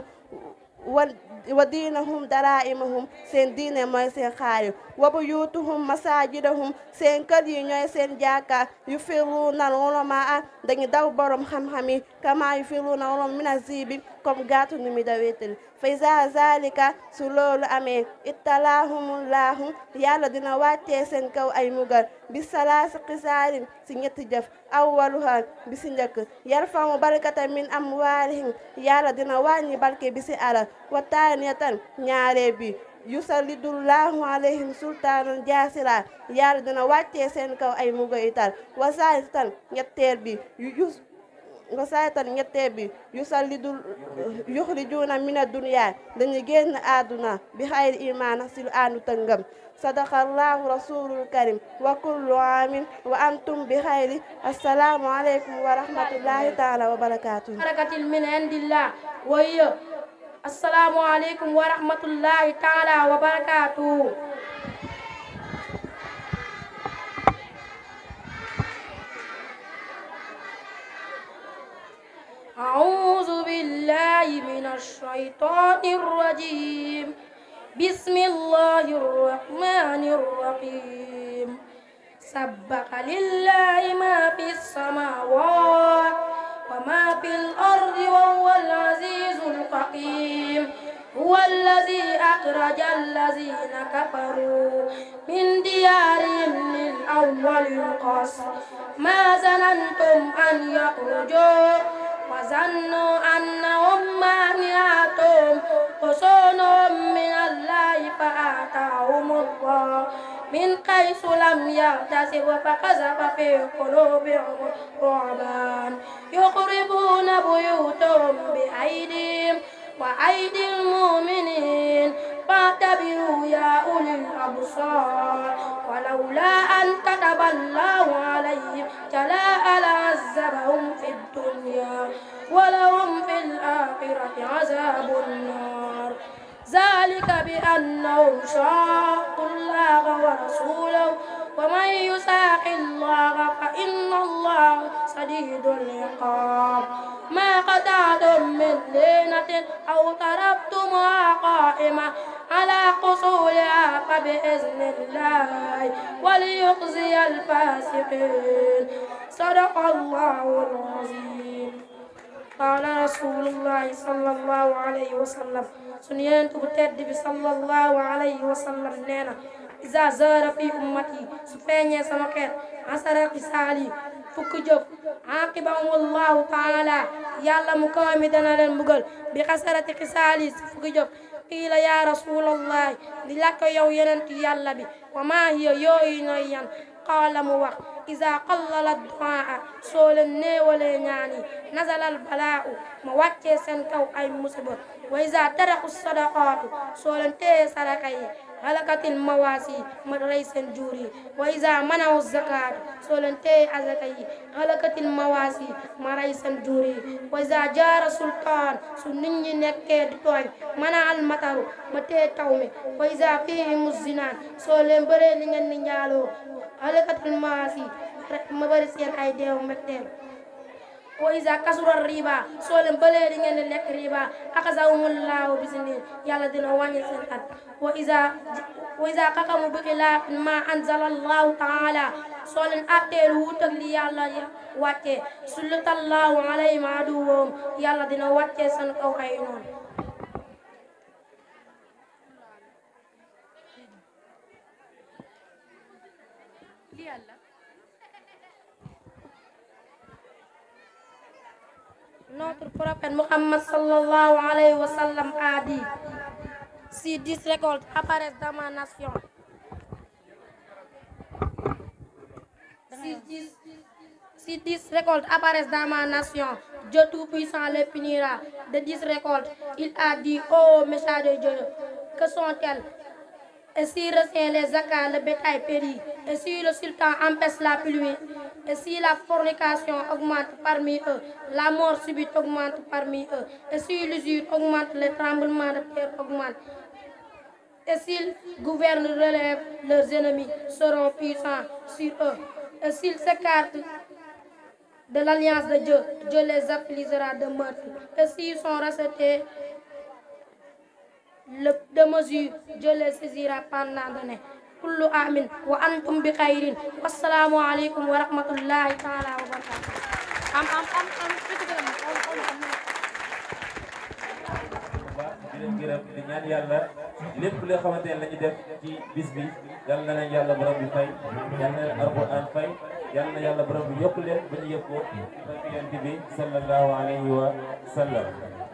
ودينهم درائمهم سين دين موي سين خاري وبيوتهم مساجدهم سين كد ينوي سين جاكا يفرون العلماء دني داو بروم خم خمي كما يفرون العلماء من الزيب comme gaatu nu mi daweetal fa isa zalika su loolu amee ittalaahumullaahu yàlla dina wàcce seen kaw ay mugal bi salaasi xisaarin si jaf jëf awwaluha bi si njëkk yarfamu barkata min amwaalihim yàlla dina wàññi barke bi si alal wa taaniyatan ñaaree bi yusallidullaahu alayhim sultaanan jaasira yàlla dina wàccee seen kaw ay mugal ital wa saalisatan ñetteel bi غساتل نتابي يسلد يخرجون من الدنيا لن يجينا آدنا بخير إيمان سلآن تنغم صدق الله رسول الكريم وكل عام وأنتم بهاي السلام عليكم ورحمة الله تعالى وبركاته بركة من عند الله ويو السلام عليكم ورحمة الله تعالى وبركاته أعوذ بالله من الشيطان الرجيم بسم الله الرحمن الرحيم سبق لله ما في السماوات وما في الأرض وهو العزيز الحكيم هو الذي أخرج الذين كفروا من ديارهم من أول القصر ما ظننتم أن يخرجوا وظنوا أنهم مانعتهم حصونهم من الله فآتاهم الله من حيث لم يحتسب فقذف في قلوبهم رعبا يخربون بيوتهم بأيديهم وأيدي المؤمنين فاعتبروا يا أولي الأبصار ولولا أن كتب الله عليهم تلا لعذبهم في الدنيا ولهم في الآخرة عذاب النار ذلك بأنهم شاقوا الله ورسوله ومن يساق الله فإن الله سديد العقاب ما قطعتم من لينة أو تركتمها قائمة على قصورها فبإذن الله وليخزي الفاسقين صدق الله العظيم قال رسول الله صلى الله عليه وسلم سنين تبتد صلى الله عليه وسلم نينا isa zara fi ummati su feeñee sama xeet asara xisaali fukki jëf aqibam wallahu taala yàlla mu kaw mi dana leen mbugal bi xasarati xisaali si fukki jëf qiila ya rasulallahi di la ko yow yenent yàlla bi wa maa hiya yooyu noy yan mu wax isa qallala duaa soo leen néewalee ñaan yi nazalal balaa'u ma wàccee seen kaw ay musiba wa isa taraku sadaqaatu soo leen téye saraka halakatil mawaasi ma rey seen jur yi wa isa manawu zakaat soo leen téye azaka yi halakatil mawaasi ma rey seen jur yi wa isa jaara sultaan su ni ñi nekkee di tooñ mana al mataru ma téye taw mi wa isa fii muzinaan soo leen bëree ni ngeen di njaaloo halakatil mawaasi ma bëri seen ay deew mbégteem wa isa kasura riba soo leen balee di ngeen di lekk riba akasawumullahu bisinin yàlla dina wàññi seen at wa isa wa isa xaqamu bi xilaaf ma anzalallahu taala soo leen atteel wuutag li yàlla wàccee sullutallahu alayhim aduwwahum yàlla dina wàccee seen kaw Notre prophète Muhammad sallallahu alayhi wa sallam a dit si dix récoltes apparaissent dans ma nation, si dix, si dix récoltes apparaissent ma nation, de dix Il a dit, ô message de Et si retient les accords, le bétail périt. Et si le sultan empêche la pluie. Et si la fornication augmente parmi eux, la mort subite augmente parmi eux. Et si l'usure augmente, le tremblement de terre augmente. Et s'ils gouvernent, relèvent, leurs ennemis seront puissants sur eux. Et s'ils s'écartent de l'alliance de Dieu, Dieu les affligera de mort. Et s'ils sont rachetés, de mesure Dieu les saisira pendant l'année kullu amin wa antum bi xayrin wasalaamu aleykum wa rahmatullahi taala wa barakatu am am am am gërëm gërëm di ñaan yàlla lépp loo xamante ne la ñu def ci bis bi yal na leen yàlla borom bi fay yal na leen alquran fay yal na yàlla borom bi yokk leen ba ñu yëpp ko yonent bi sallallahu alayhi wa sallam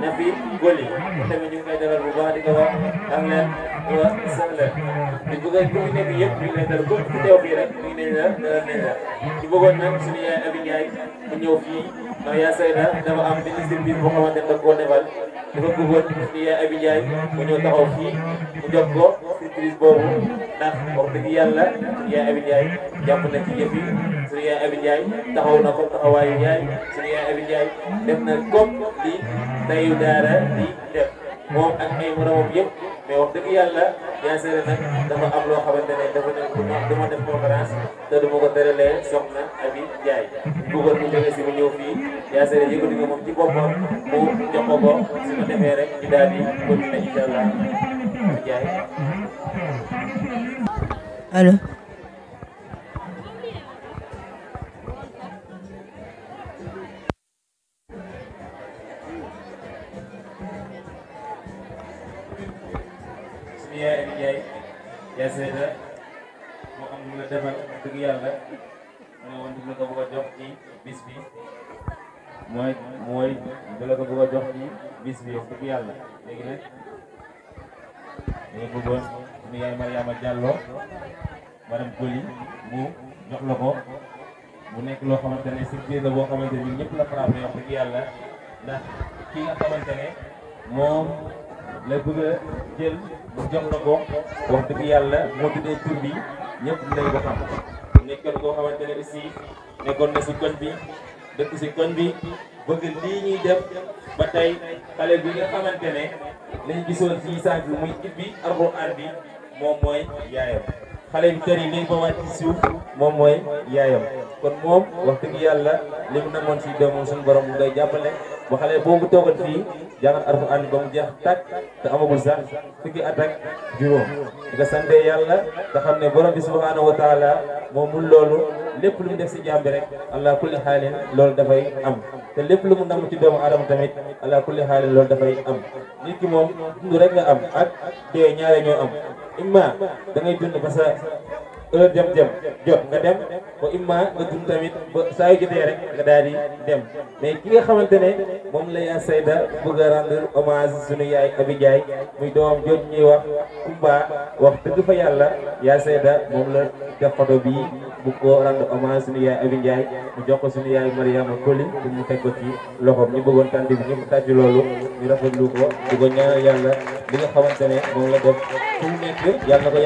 Nafi Goli tamit ñu ngi koy defal bu baax di ko wax xam leen te bu ngeen fi nekk yëpp ñu ne dara góob teew fii rek ñu ne la dara ne la ñu bëggoon nag suñu yaay Abi Ndiaye mu ñëw fii ndax yaa Seyda dafa am benn service boo xamante ne koo defal dafa bëggoon suñu yaay Abi Ndiaye mu ñëw taxaw fii mu jox ko service boobu ndax wax dëgg yàlla suñu yaay Abi Ndiaye jàpp na ci yëf yi suñu yaay Abi Ndiaye taxaw na ko taxawaayu yaay suñu yaay Abi Ndiaye def na comme li dayu daara di def moom ak ay moromam yëpp. mais wax dëgg yàlla bien sûr nag dafa am loo xamante ne dafa ne bu ñu dama def conférence te du ko tëralee soxna Abi Ndiaye. bëggoon mu jógee si mu ñëw fii bien ko moom ci boppam mu jox ko ko su ko defee rek ñu daal di continuer incha allah Ndiaye. allo. yaay ak yaay yaay seeta moo xam ne la defal dëgg yàlla mu du la ko bëgg a jox ci bis bi mooy mooy du la a jox ci bis bi dëgg yàlla léegi nag dañu bëggoon suñu yaay Mariama Diallo madame Koli mu jox la ko mu nekk loo xamante ne surprise la boo xamante ne ñëpp la frappé wax yàlla ndax ki nga xamante moom la bëgg a jël jom na ko wax dëgg yàlla moo tuddee tur bi ñëpp dinañ ko xam nekkoon koo xamante ne aussi nekkoon na si koñ bi dëkk si koñ bi bëgg lii ñuy def ba tey xale bi nga xamante ne lañ gisoon si sànq muy ibbi alxuraan bi moom mooy yaayam xalé yu tëri li ba wàcc suuf mom moy yaayam kon mom wax dëgg yalla li mu namoon ci doomam sun borom mu ngay jàppale ba xale boobu togal fi jangal alxuraan ba mu jeex tak te amagul sax fukki at ak nga sande yalla da xamne borom bi subhanahu wa taala momul lolu lepp lu mu def si jambi rek allah kulli lolu da fay am te lepp lu mu nam ci doomu adam tamit allah kulli lolu da fay am nit ki mom dund rek nga am ak de ñaare ñoo am imma da dund ba sa heure dem dem jot nga dem ba imma nga dund tamit ba saa yu rek nga daal dem mais ki nga xamante ne moom la yaa Sayda bëgg a rendre hommage yaay Abi Jaay muy doom jot ñuy wax Kumba wax dëgg fa yàlla yaa Sayda moom la def photo bii bu ko rendre hommage suñu yaay Abi Ndiaye mu jox ko suñu yaay Mariama Koli pour mu teg ko ci loxoom ñu bëggoon tànt bi ñëpp tàjj loolu ñu rafetlu ko di ko ñaanal yàlla li nga xamante ne moom la def fu mu nekk yàlla na ko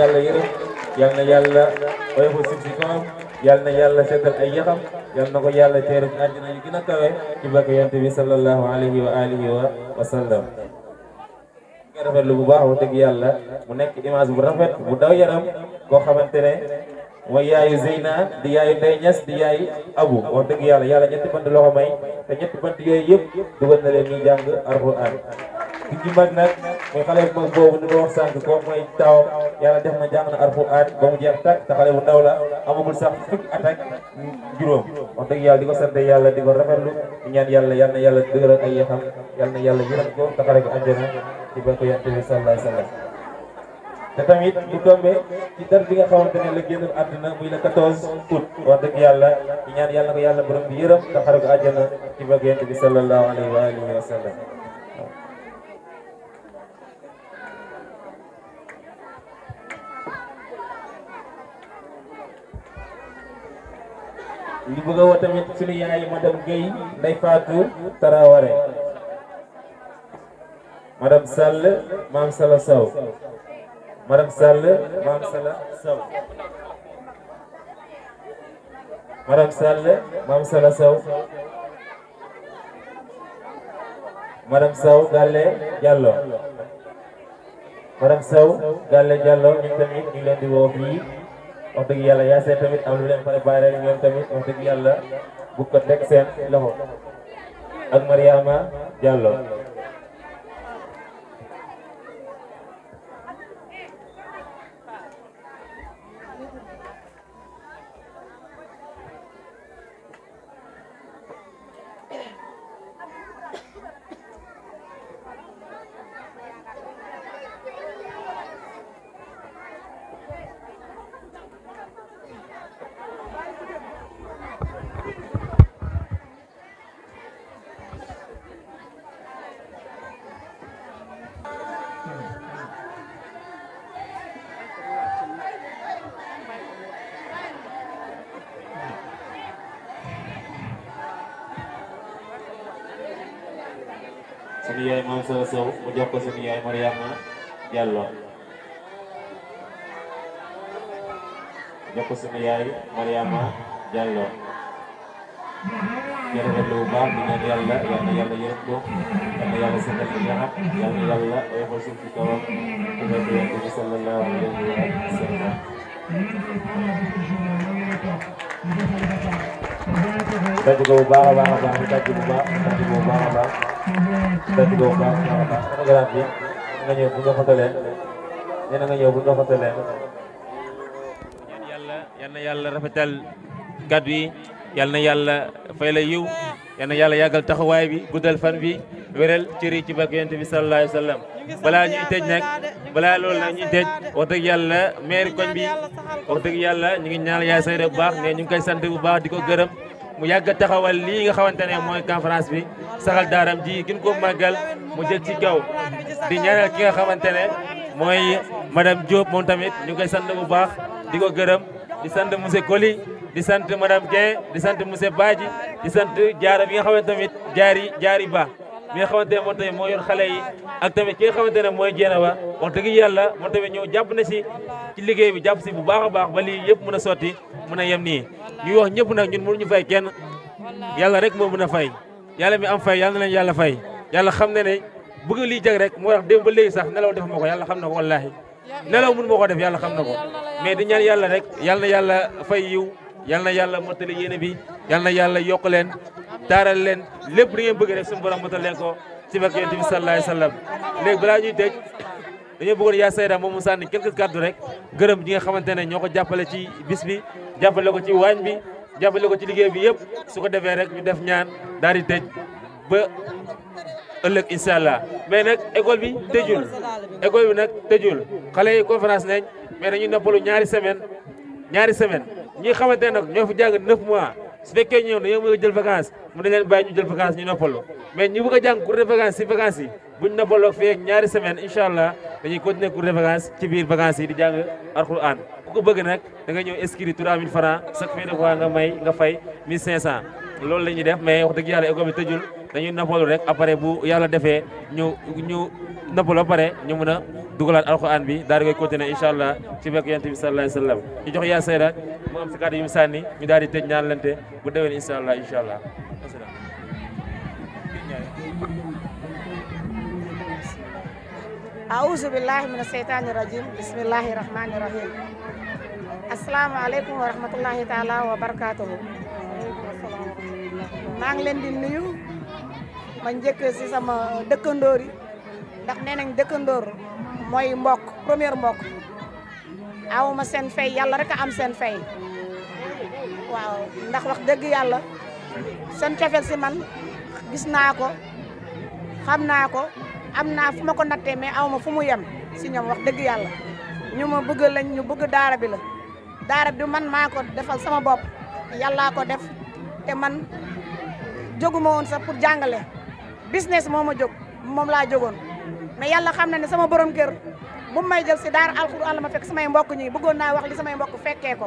yàlla yërëm seetal ay yaxam yàlla na ko yàlla teeru ci àddina yu gën a kawe ci barke yonte bi sallallahu alayhi wa alihi wa sallam nga rafetlu bu baax wax dëgg yàlla mu nekk image bu rafet bu daw yaram koo xamante ne Moyai Zina, Zeyna di yaayu Ndeye di Abu wax dëgg yàlla yàlla ñetti bant loxo may te ñetti bant yooyu yëpp dugal na leen ñuy jàng alxuraan ki ci mag nag mooy xale bu mag ni ma wax sànq ko mooy taawam yàlla def na jàng na alxuraan ba mu jeex tàkk te xale ndaw la amagul sax wax di ko sant yàlla rafetlu di ñaan yàlla yal na yàlla dëgëral ay yaxam yal ko ci sallallahu te tamit bu tombé ci dar bi nga xamantene la gënal aduna muy la 14 août wax dëgg yalla ñi ñaan yalla ko yalla borom bi yërëm ta xaru ko àjjana ci bëgg yonent bi sallallahu alaihi wa alihi wa sallam ñu bëgg wa woo tamit suñu yaay madam gey Ndeye Fatou Taraware madam Sall mam Sala Sow मरमसल ममसल सब मरमसल ममसल सब मरमसौ गाले गलो मरमसौ गाले galo ning tamit ñu leen di woo fii wax dëgg yàlla yaa seen tamit am lu leen préparé ñoom tamit wax dëgg yàlla bu ko teg seen loxo ak Mariama Diallo yelloo jox ko suñu yaay Mariama Diallo jërëjëf bu baax di ñaan yàlla yal na yàlla yërëm ko yal na yàlla seetal ko ñaxat yal na yàlla oyofal suuf ci kawam ci nekk yonent bi sallallahu alayhi wa sallam tëj ko bu baax a baax a baax tëj ko bu baax tëj ko bu baax a baax tëj ko bu baax a baax nga ñëw bu ñu joxante nga ñëw bu ñu joxante leen. yàlla yal na yàlla rafetal kàddu yi yal na yàlla fay la yiw yal yàlla yàggal taxawaay bi guddal fan bi wéral cëri ci barke yonent bi sallallahu alayhi wa sallam balaa ñuy tëj nag balaa lool nag ñuy tëj wax dëgg yàlla maire koñ bi wax dëgg yàlla ñu ngi ñaanal yaay sayda bu baax ne ñu ngi koy sant bu baax di ko gërëm mu yàgg a taxawal lii nga xamante ne mooy conférence bi saxal daaram ji gën ko màggal mu jël ci kaw di ñaanal ki nga xamante ne mooy madame Diop moom tamit ñu koy sant bu baax di ko gërëm di sant monsieur Koli di sant madame Guèye di sant monsieur Badji di sant jaara bi nga xamante tamit jaari jaari ba mi nga xamante ne moom tamit moo yor xale yi ak tamit ki nga xamante ne mooy jéena ba wax dëgg yalla moom tamit ñëw jàpp na si ci liggéey bi jàpp si bu baax a baax ba lii yëpp mën a sotti mën na yem nii ñuy wax ñëpp nag ñun mënuñu fay kenn yàlla rek moo a fay yàlla mi am fay yàlla na leen fay bëgg lii jag rek moo tax démb ba léegi sax nelaw def ma ko yàlla xam na ko wallaahi nelaw mun ma ko def yàlla xam na ko mais di ñaan yàlla rek yàlla na yàlla fay yiw yàlla na yàlla mottali yéene bi yàlla yàlla yokk leen taaral leen lépp li ngeen bëgg rek suñu borom motal leen ko ci barke yonent bi sallallahu alayhi wasallam léegi balaa ñuy tëj dañoo bëggoon yaa Sayda moom mu sànni quelques kàddu rek gërëm ñi nga xamante ne ñoo ko jàppale ci bis bi jàppale ko ci waañ bi jàppale ko ci liggéey bi yëpp su ko defee rek ñu def ñaan daal di tëj ba ëlëk inshallah mais nak école bi tejul école bi nak tejul xalé yi conférence nañ mais dañu noppalu ñaari semaine ñaari semaine ñi xamanté nak ñoo fi jàng 9 mois su fekké ñew na yow mo jël vacances mu dañ leen bay ñu jël vacances ñu noppalu mais ñi bëgg a jàng cours de vacances ci vacances yi buñ noppaloo fi ak ñaari semaine inshallah dañuy continuer cours de vacances ci biir vacances yi di jàng alcorane ku ko bëgg nak da nga ñew inscrire 3000 francs chaque fois nga may nga fay 1500 loolu lañuy def mais wax deug yalla école bi tejul dañuy nopolu rek après bu yalla défé ñu ñu nopolu après ñu mëna dugulat alcorane bi daal ngay continuer inshallah ci bekk yantu bi sallallahu alayhi wasallam ñu jox ya sayda mu am ci kaddu yu sanni ñu daal di tej ñaanalante bu déwé inshallah inshallah A'udzu billahi minas syaitanir rajim. Bismillahirrahmanirrahim. Assalamualaikum warahmatullahi taala wabarakatuh. Waalaikumsalam warahmatullahi wabarakatuh. Mang len di nuyu ma njëkk si sama dëkkandoor yi ndax nee nañ dëkkandoor mooy mbokk première mbokk awma seen fay yàlla rek am seen fay waaw ndax wax dëgg yàlla seen cofeel si man gis naa ko xam naa ko am naa fu ma ko nattee mais awma fu mu yem si ñoom wax dëgg yàlla ñu ma bëgg lañ ñu bëgg daara bi la daara bi man maa ko defal sama bopp yàllaa ko def te man jóguma woon sax pour jàngale business moo ma jóg moom laa jógoon mais yàlla xam na ne sama borom kër bu may jël si daara alxuraan la ma fekk samay mbokk ñi bëggoon naa wax li samay mbokk fekkee ko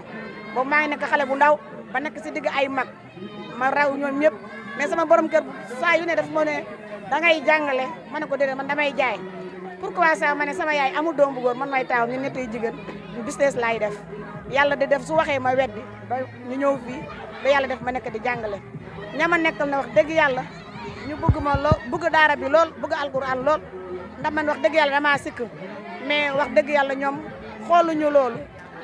boobu maa ngi nekk xale bu ndaw ba nekk si digg ay mag ma raw ñoom ñëpp mais sama borom kër saa yu ne def moo ne dangay ngay jàngale ma ne ko déedéet man damay jaay pourquoi ça ma ne sama yaay amul doom bu man may taaw ñu ñetti jigéen business laay def yàlla di def su waxee ma weddi ba ñu ñëw fii ba yàlla def ma nekk di jàngale ña ma nekk na wax dëgg yàlla ñu bëgg ma lool bëgg daara bi lool bëgg alquran lool ndax man wax dëgg yàlla damaa sikk mais wax dëgg yàlla ñoom xooluñu loolu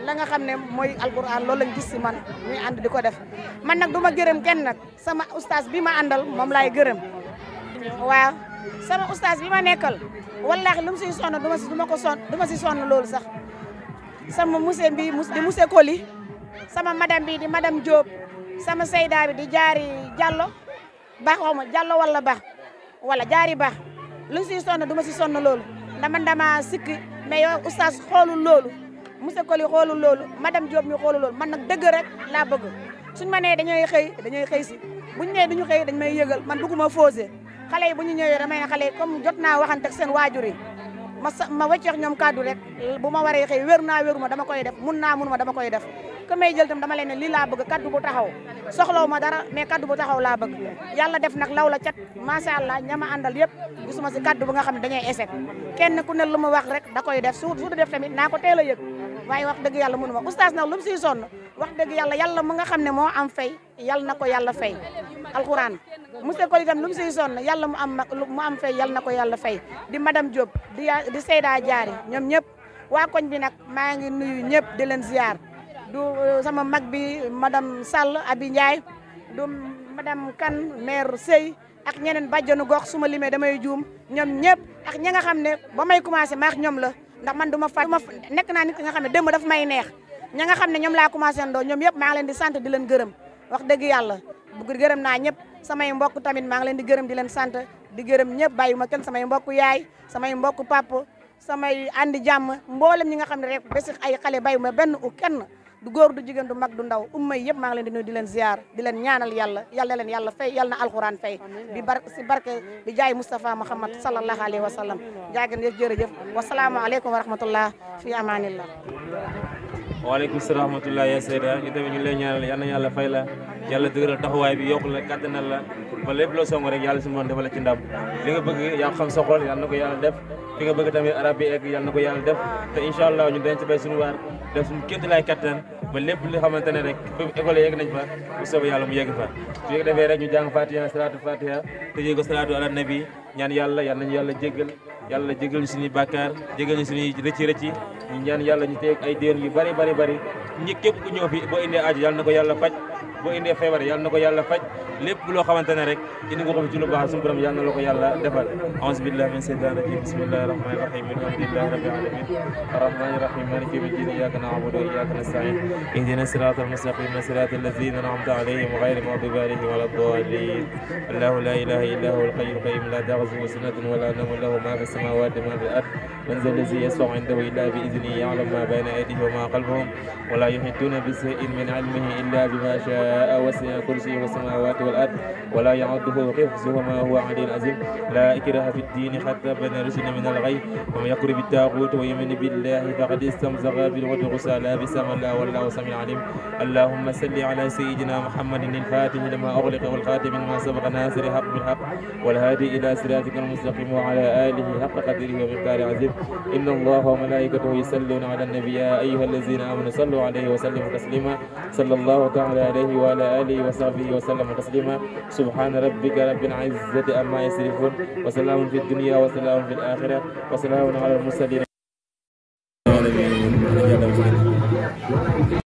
la nga xam ne mooy alquran loolu lañ gis si man ñuy ànd di ko def man nag du ma gërëm kenn nag sama ustaas bi ma àndal moom laay gërëm waaw sama ustaas bi ma nekkal wallaahi lu mu siy sonn du ma si du ma ko sonn du si sonn loolu sax sama monsieur bi di monsieur Koli sama madame bi di madame Diop sama seydaa bi di jaari Diallo baax xaw ma jàllo wala baax wala jaari baax lu si sonn du si sonn loolu dama dama sikki mais yow oustaz xoolul loolu monsieur Coly xoolul loolu madame Diop mi xoolul loolu man nag dëgg rek laa bëgg suñ ma nee dañuy xëy dañuy xëy si buñu nee duñu xëy dañ may yëgal man bëgguma fausé xale yi bu ñu ñëwee damay xale yi comme jot naa waxante ak seen waajur yi ma sa ma wëcceex ñoom kàddu rek bu ma waree xëy wéru naa wéru ma dama koy def mun naa mun ma dama koy def ku may jël tam dama leen ne lii laa bëgg kaddu bu taxaw soxlaw ma dara mais kaddu bu taxaw la bëgg yalla def nak law la ma sha allah ñama andal yépp gisuma ci kaddu bu nga xamni dañay essé kenn ku ne luma wax rek da koy def su su def tamit nako téla teel a yëg waaye wax dëgg yalla mënuma oustaz nak lu ci son wax dëgg yalla yalla mu nga xamni ne am fay yalla nako yalla fay alquran musse ko itam lu ci son yalla mu am mu am fay yalla nako yalla fay di madame job di di Seyda jari ñom ñëpp wa koñ bi nak ma ngi nuyu ñëpp di len ziar du euh, sama mag bi madame Sall Abi Ndiaye du madame Kane maire Sey ak ñeneen bàjjanu gox su ma limee damay juum ñoom ñëpp ak ña nga xam ne ba may commencé maax ñoom la ndax man du ma fa nekk naa ni ki nga xam ne démb dafa may neex ña nga xam ne ñoom laa commencé ndoo ñoom yëpp maa ngi leen di sant di leen gërëm wax dëgg yàlla bu gërëm naa ñëpp samay mbokk tamit maa ngi leen di gërëm di leen sant di gërëm ñëpp bay ma kenn samay mbokk yaay samay mbokk papa samay andi jàmm mboolem ñi nga xam ne ay xale bàyyi ma benn u kenn du gor du jigen du mag du ndaw umma yeb ma ngi len di nuy di len ziar di len ñaanal yalla yalla len yalla fay yalla na alxuraan fay bi bar si barke bi jaay mustafa Muhammad sallallahu alaihi wasallam jaagne sallam jaageen jeuf wa salaamu alaykum wa rahmatullah fi amanillah wa alaykum assalam wa rahmatullah ya Seyda ñu dem ñu ngi lay ñaanal yalla yalla fay la yalla deugal taxaway bi yokul la kàttanal la ba lepp lo songu rek yalla suñu moon defal ci ndam li nga bëgg ya xam sa xol yalla nako yalla def li nga bëgg tamit arab bi egg yàlla na def te inshallah ñu dañ ci bay suñu war def suñu kéem tolluwaay kattan ba lépp li xamante ne rek fépp école yegg nañ fa bu soobee yàlla mu yegg fa su yegg defee rek ñu jàng fatiha salaatu fatiha tëjee ko salaatu ala nabi ñaan yàlla yal nañu yàlla jéggal yàlla jégal ñu suñuy bàkkaar jégal ñu suñuy rëcci rëcci ñu ñaan yàlla ñu teeg ay déwén yu bari bari bari ñi képp ku ñëw fi boo indee aajo yàlla na ko yàlla faj boo indee feebar yàlla na ko yàlla faj lépp loo xamante ne rek indi nga ko fi ci lu baax suñu borom yàlla na la ko yàlla defal a'uuzu billahi min seytaani rajim bismillahi rahmani rahim alhamdulillahi rabbil alamin arrahmani rahim maliki yawmi ddin iyyaka na'budu wa iyyaka nasta'in ihdina siratal mustaqim siratal ladzina an'amta alayhim ghayril maghdubi alayhim waladdallin allahu la ilaha illa huwal hayyul qayyum la ta'khudhuhu sinatun wa la nawmun lahu ma fis samawati wa ma fil ard من ذا الذي يشفع عنده إلا بإذنه يعلم ما بين أيديهم وما خلفهم ولا يحيطون بشيء من علمه إلا بما شاء وسع كرسيه السماوات والأرض ولا يعده حفظهما هو علي العظيم لا اكره في الدين حتى بنى رشد من الغي ومن يقرب التاغوت ويمن بالله فقد استمزغ بالغد الغسالى بسم الله ولا وسم العليم اللهم صل على سيدنا محمد الفاتح لما أغلق والخاتم لما سبق ناصر حق بالحق والهادي إلى صراطك المستقيم وعلى آله حق قدره ومقدار عظيم إن الله وملائكته يصلون على النبي يا أيها الذين آمنوا صلوا عليه وسلموا تسليما صلى الله تعالى عليه وعلى آله وصحبه وسلم تسليما سبحان ربك رب العزة أما يصرفون وسلام في الدنيا وسلام في الآخرة وسلام على المرسلين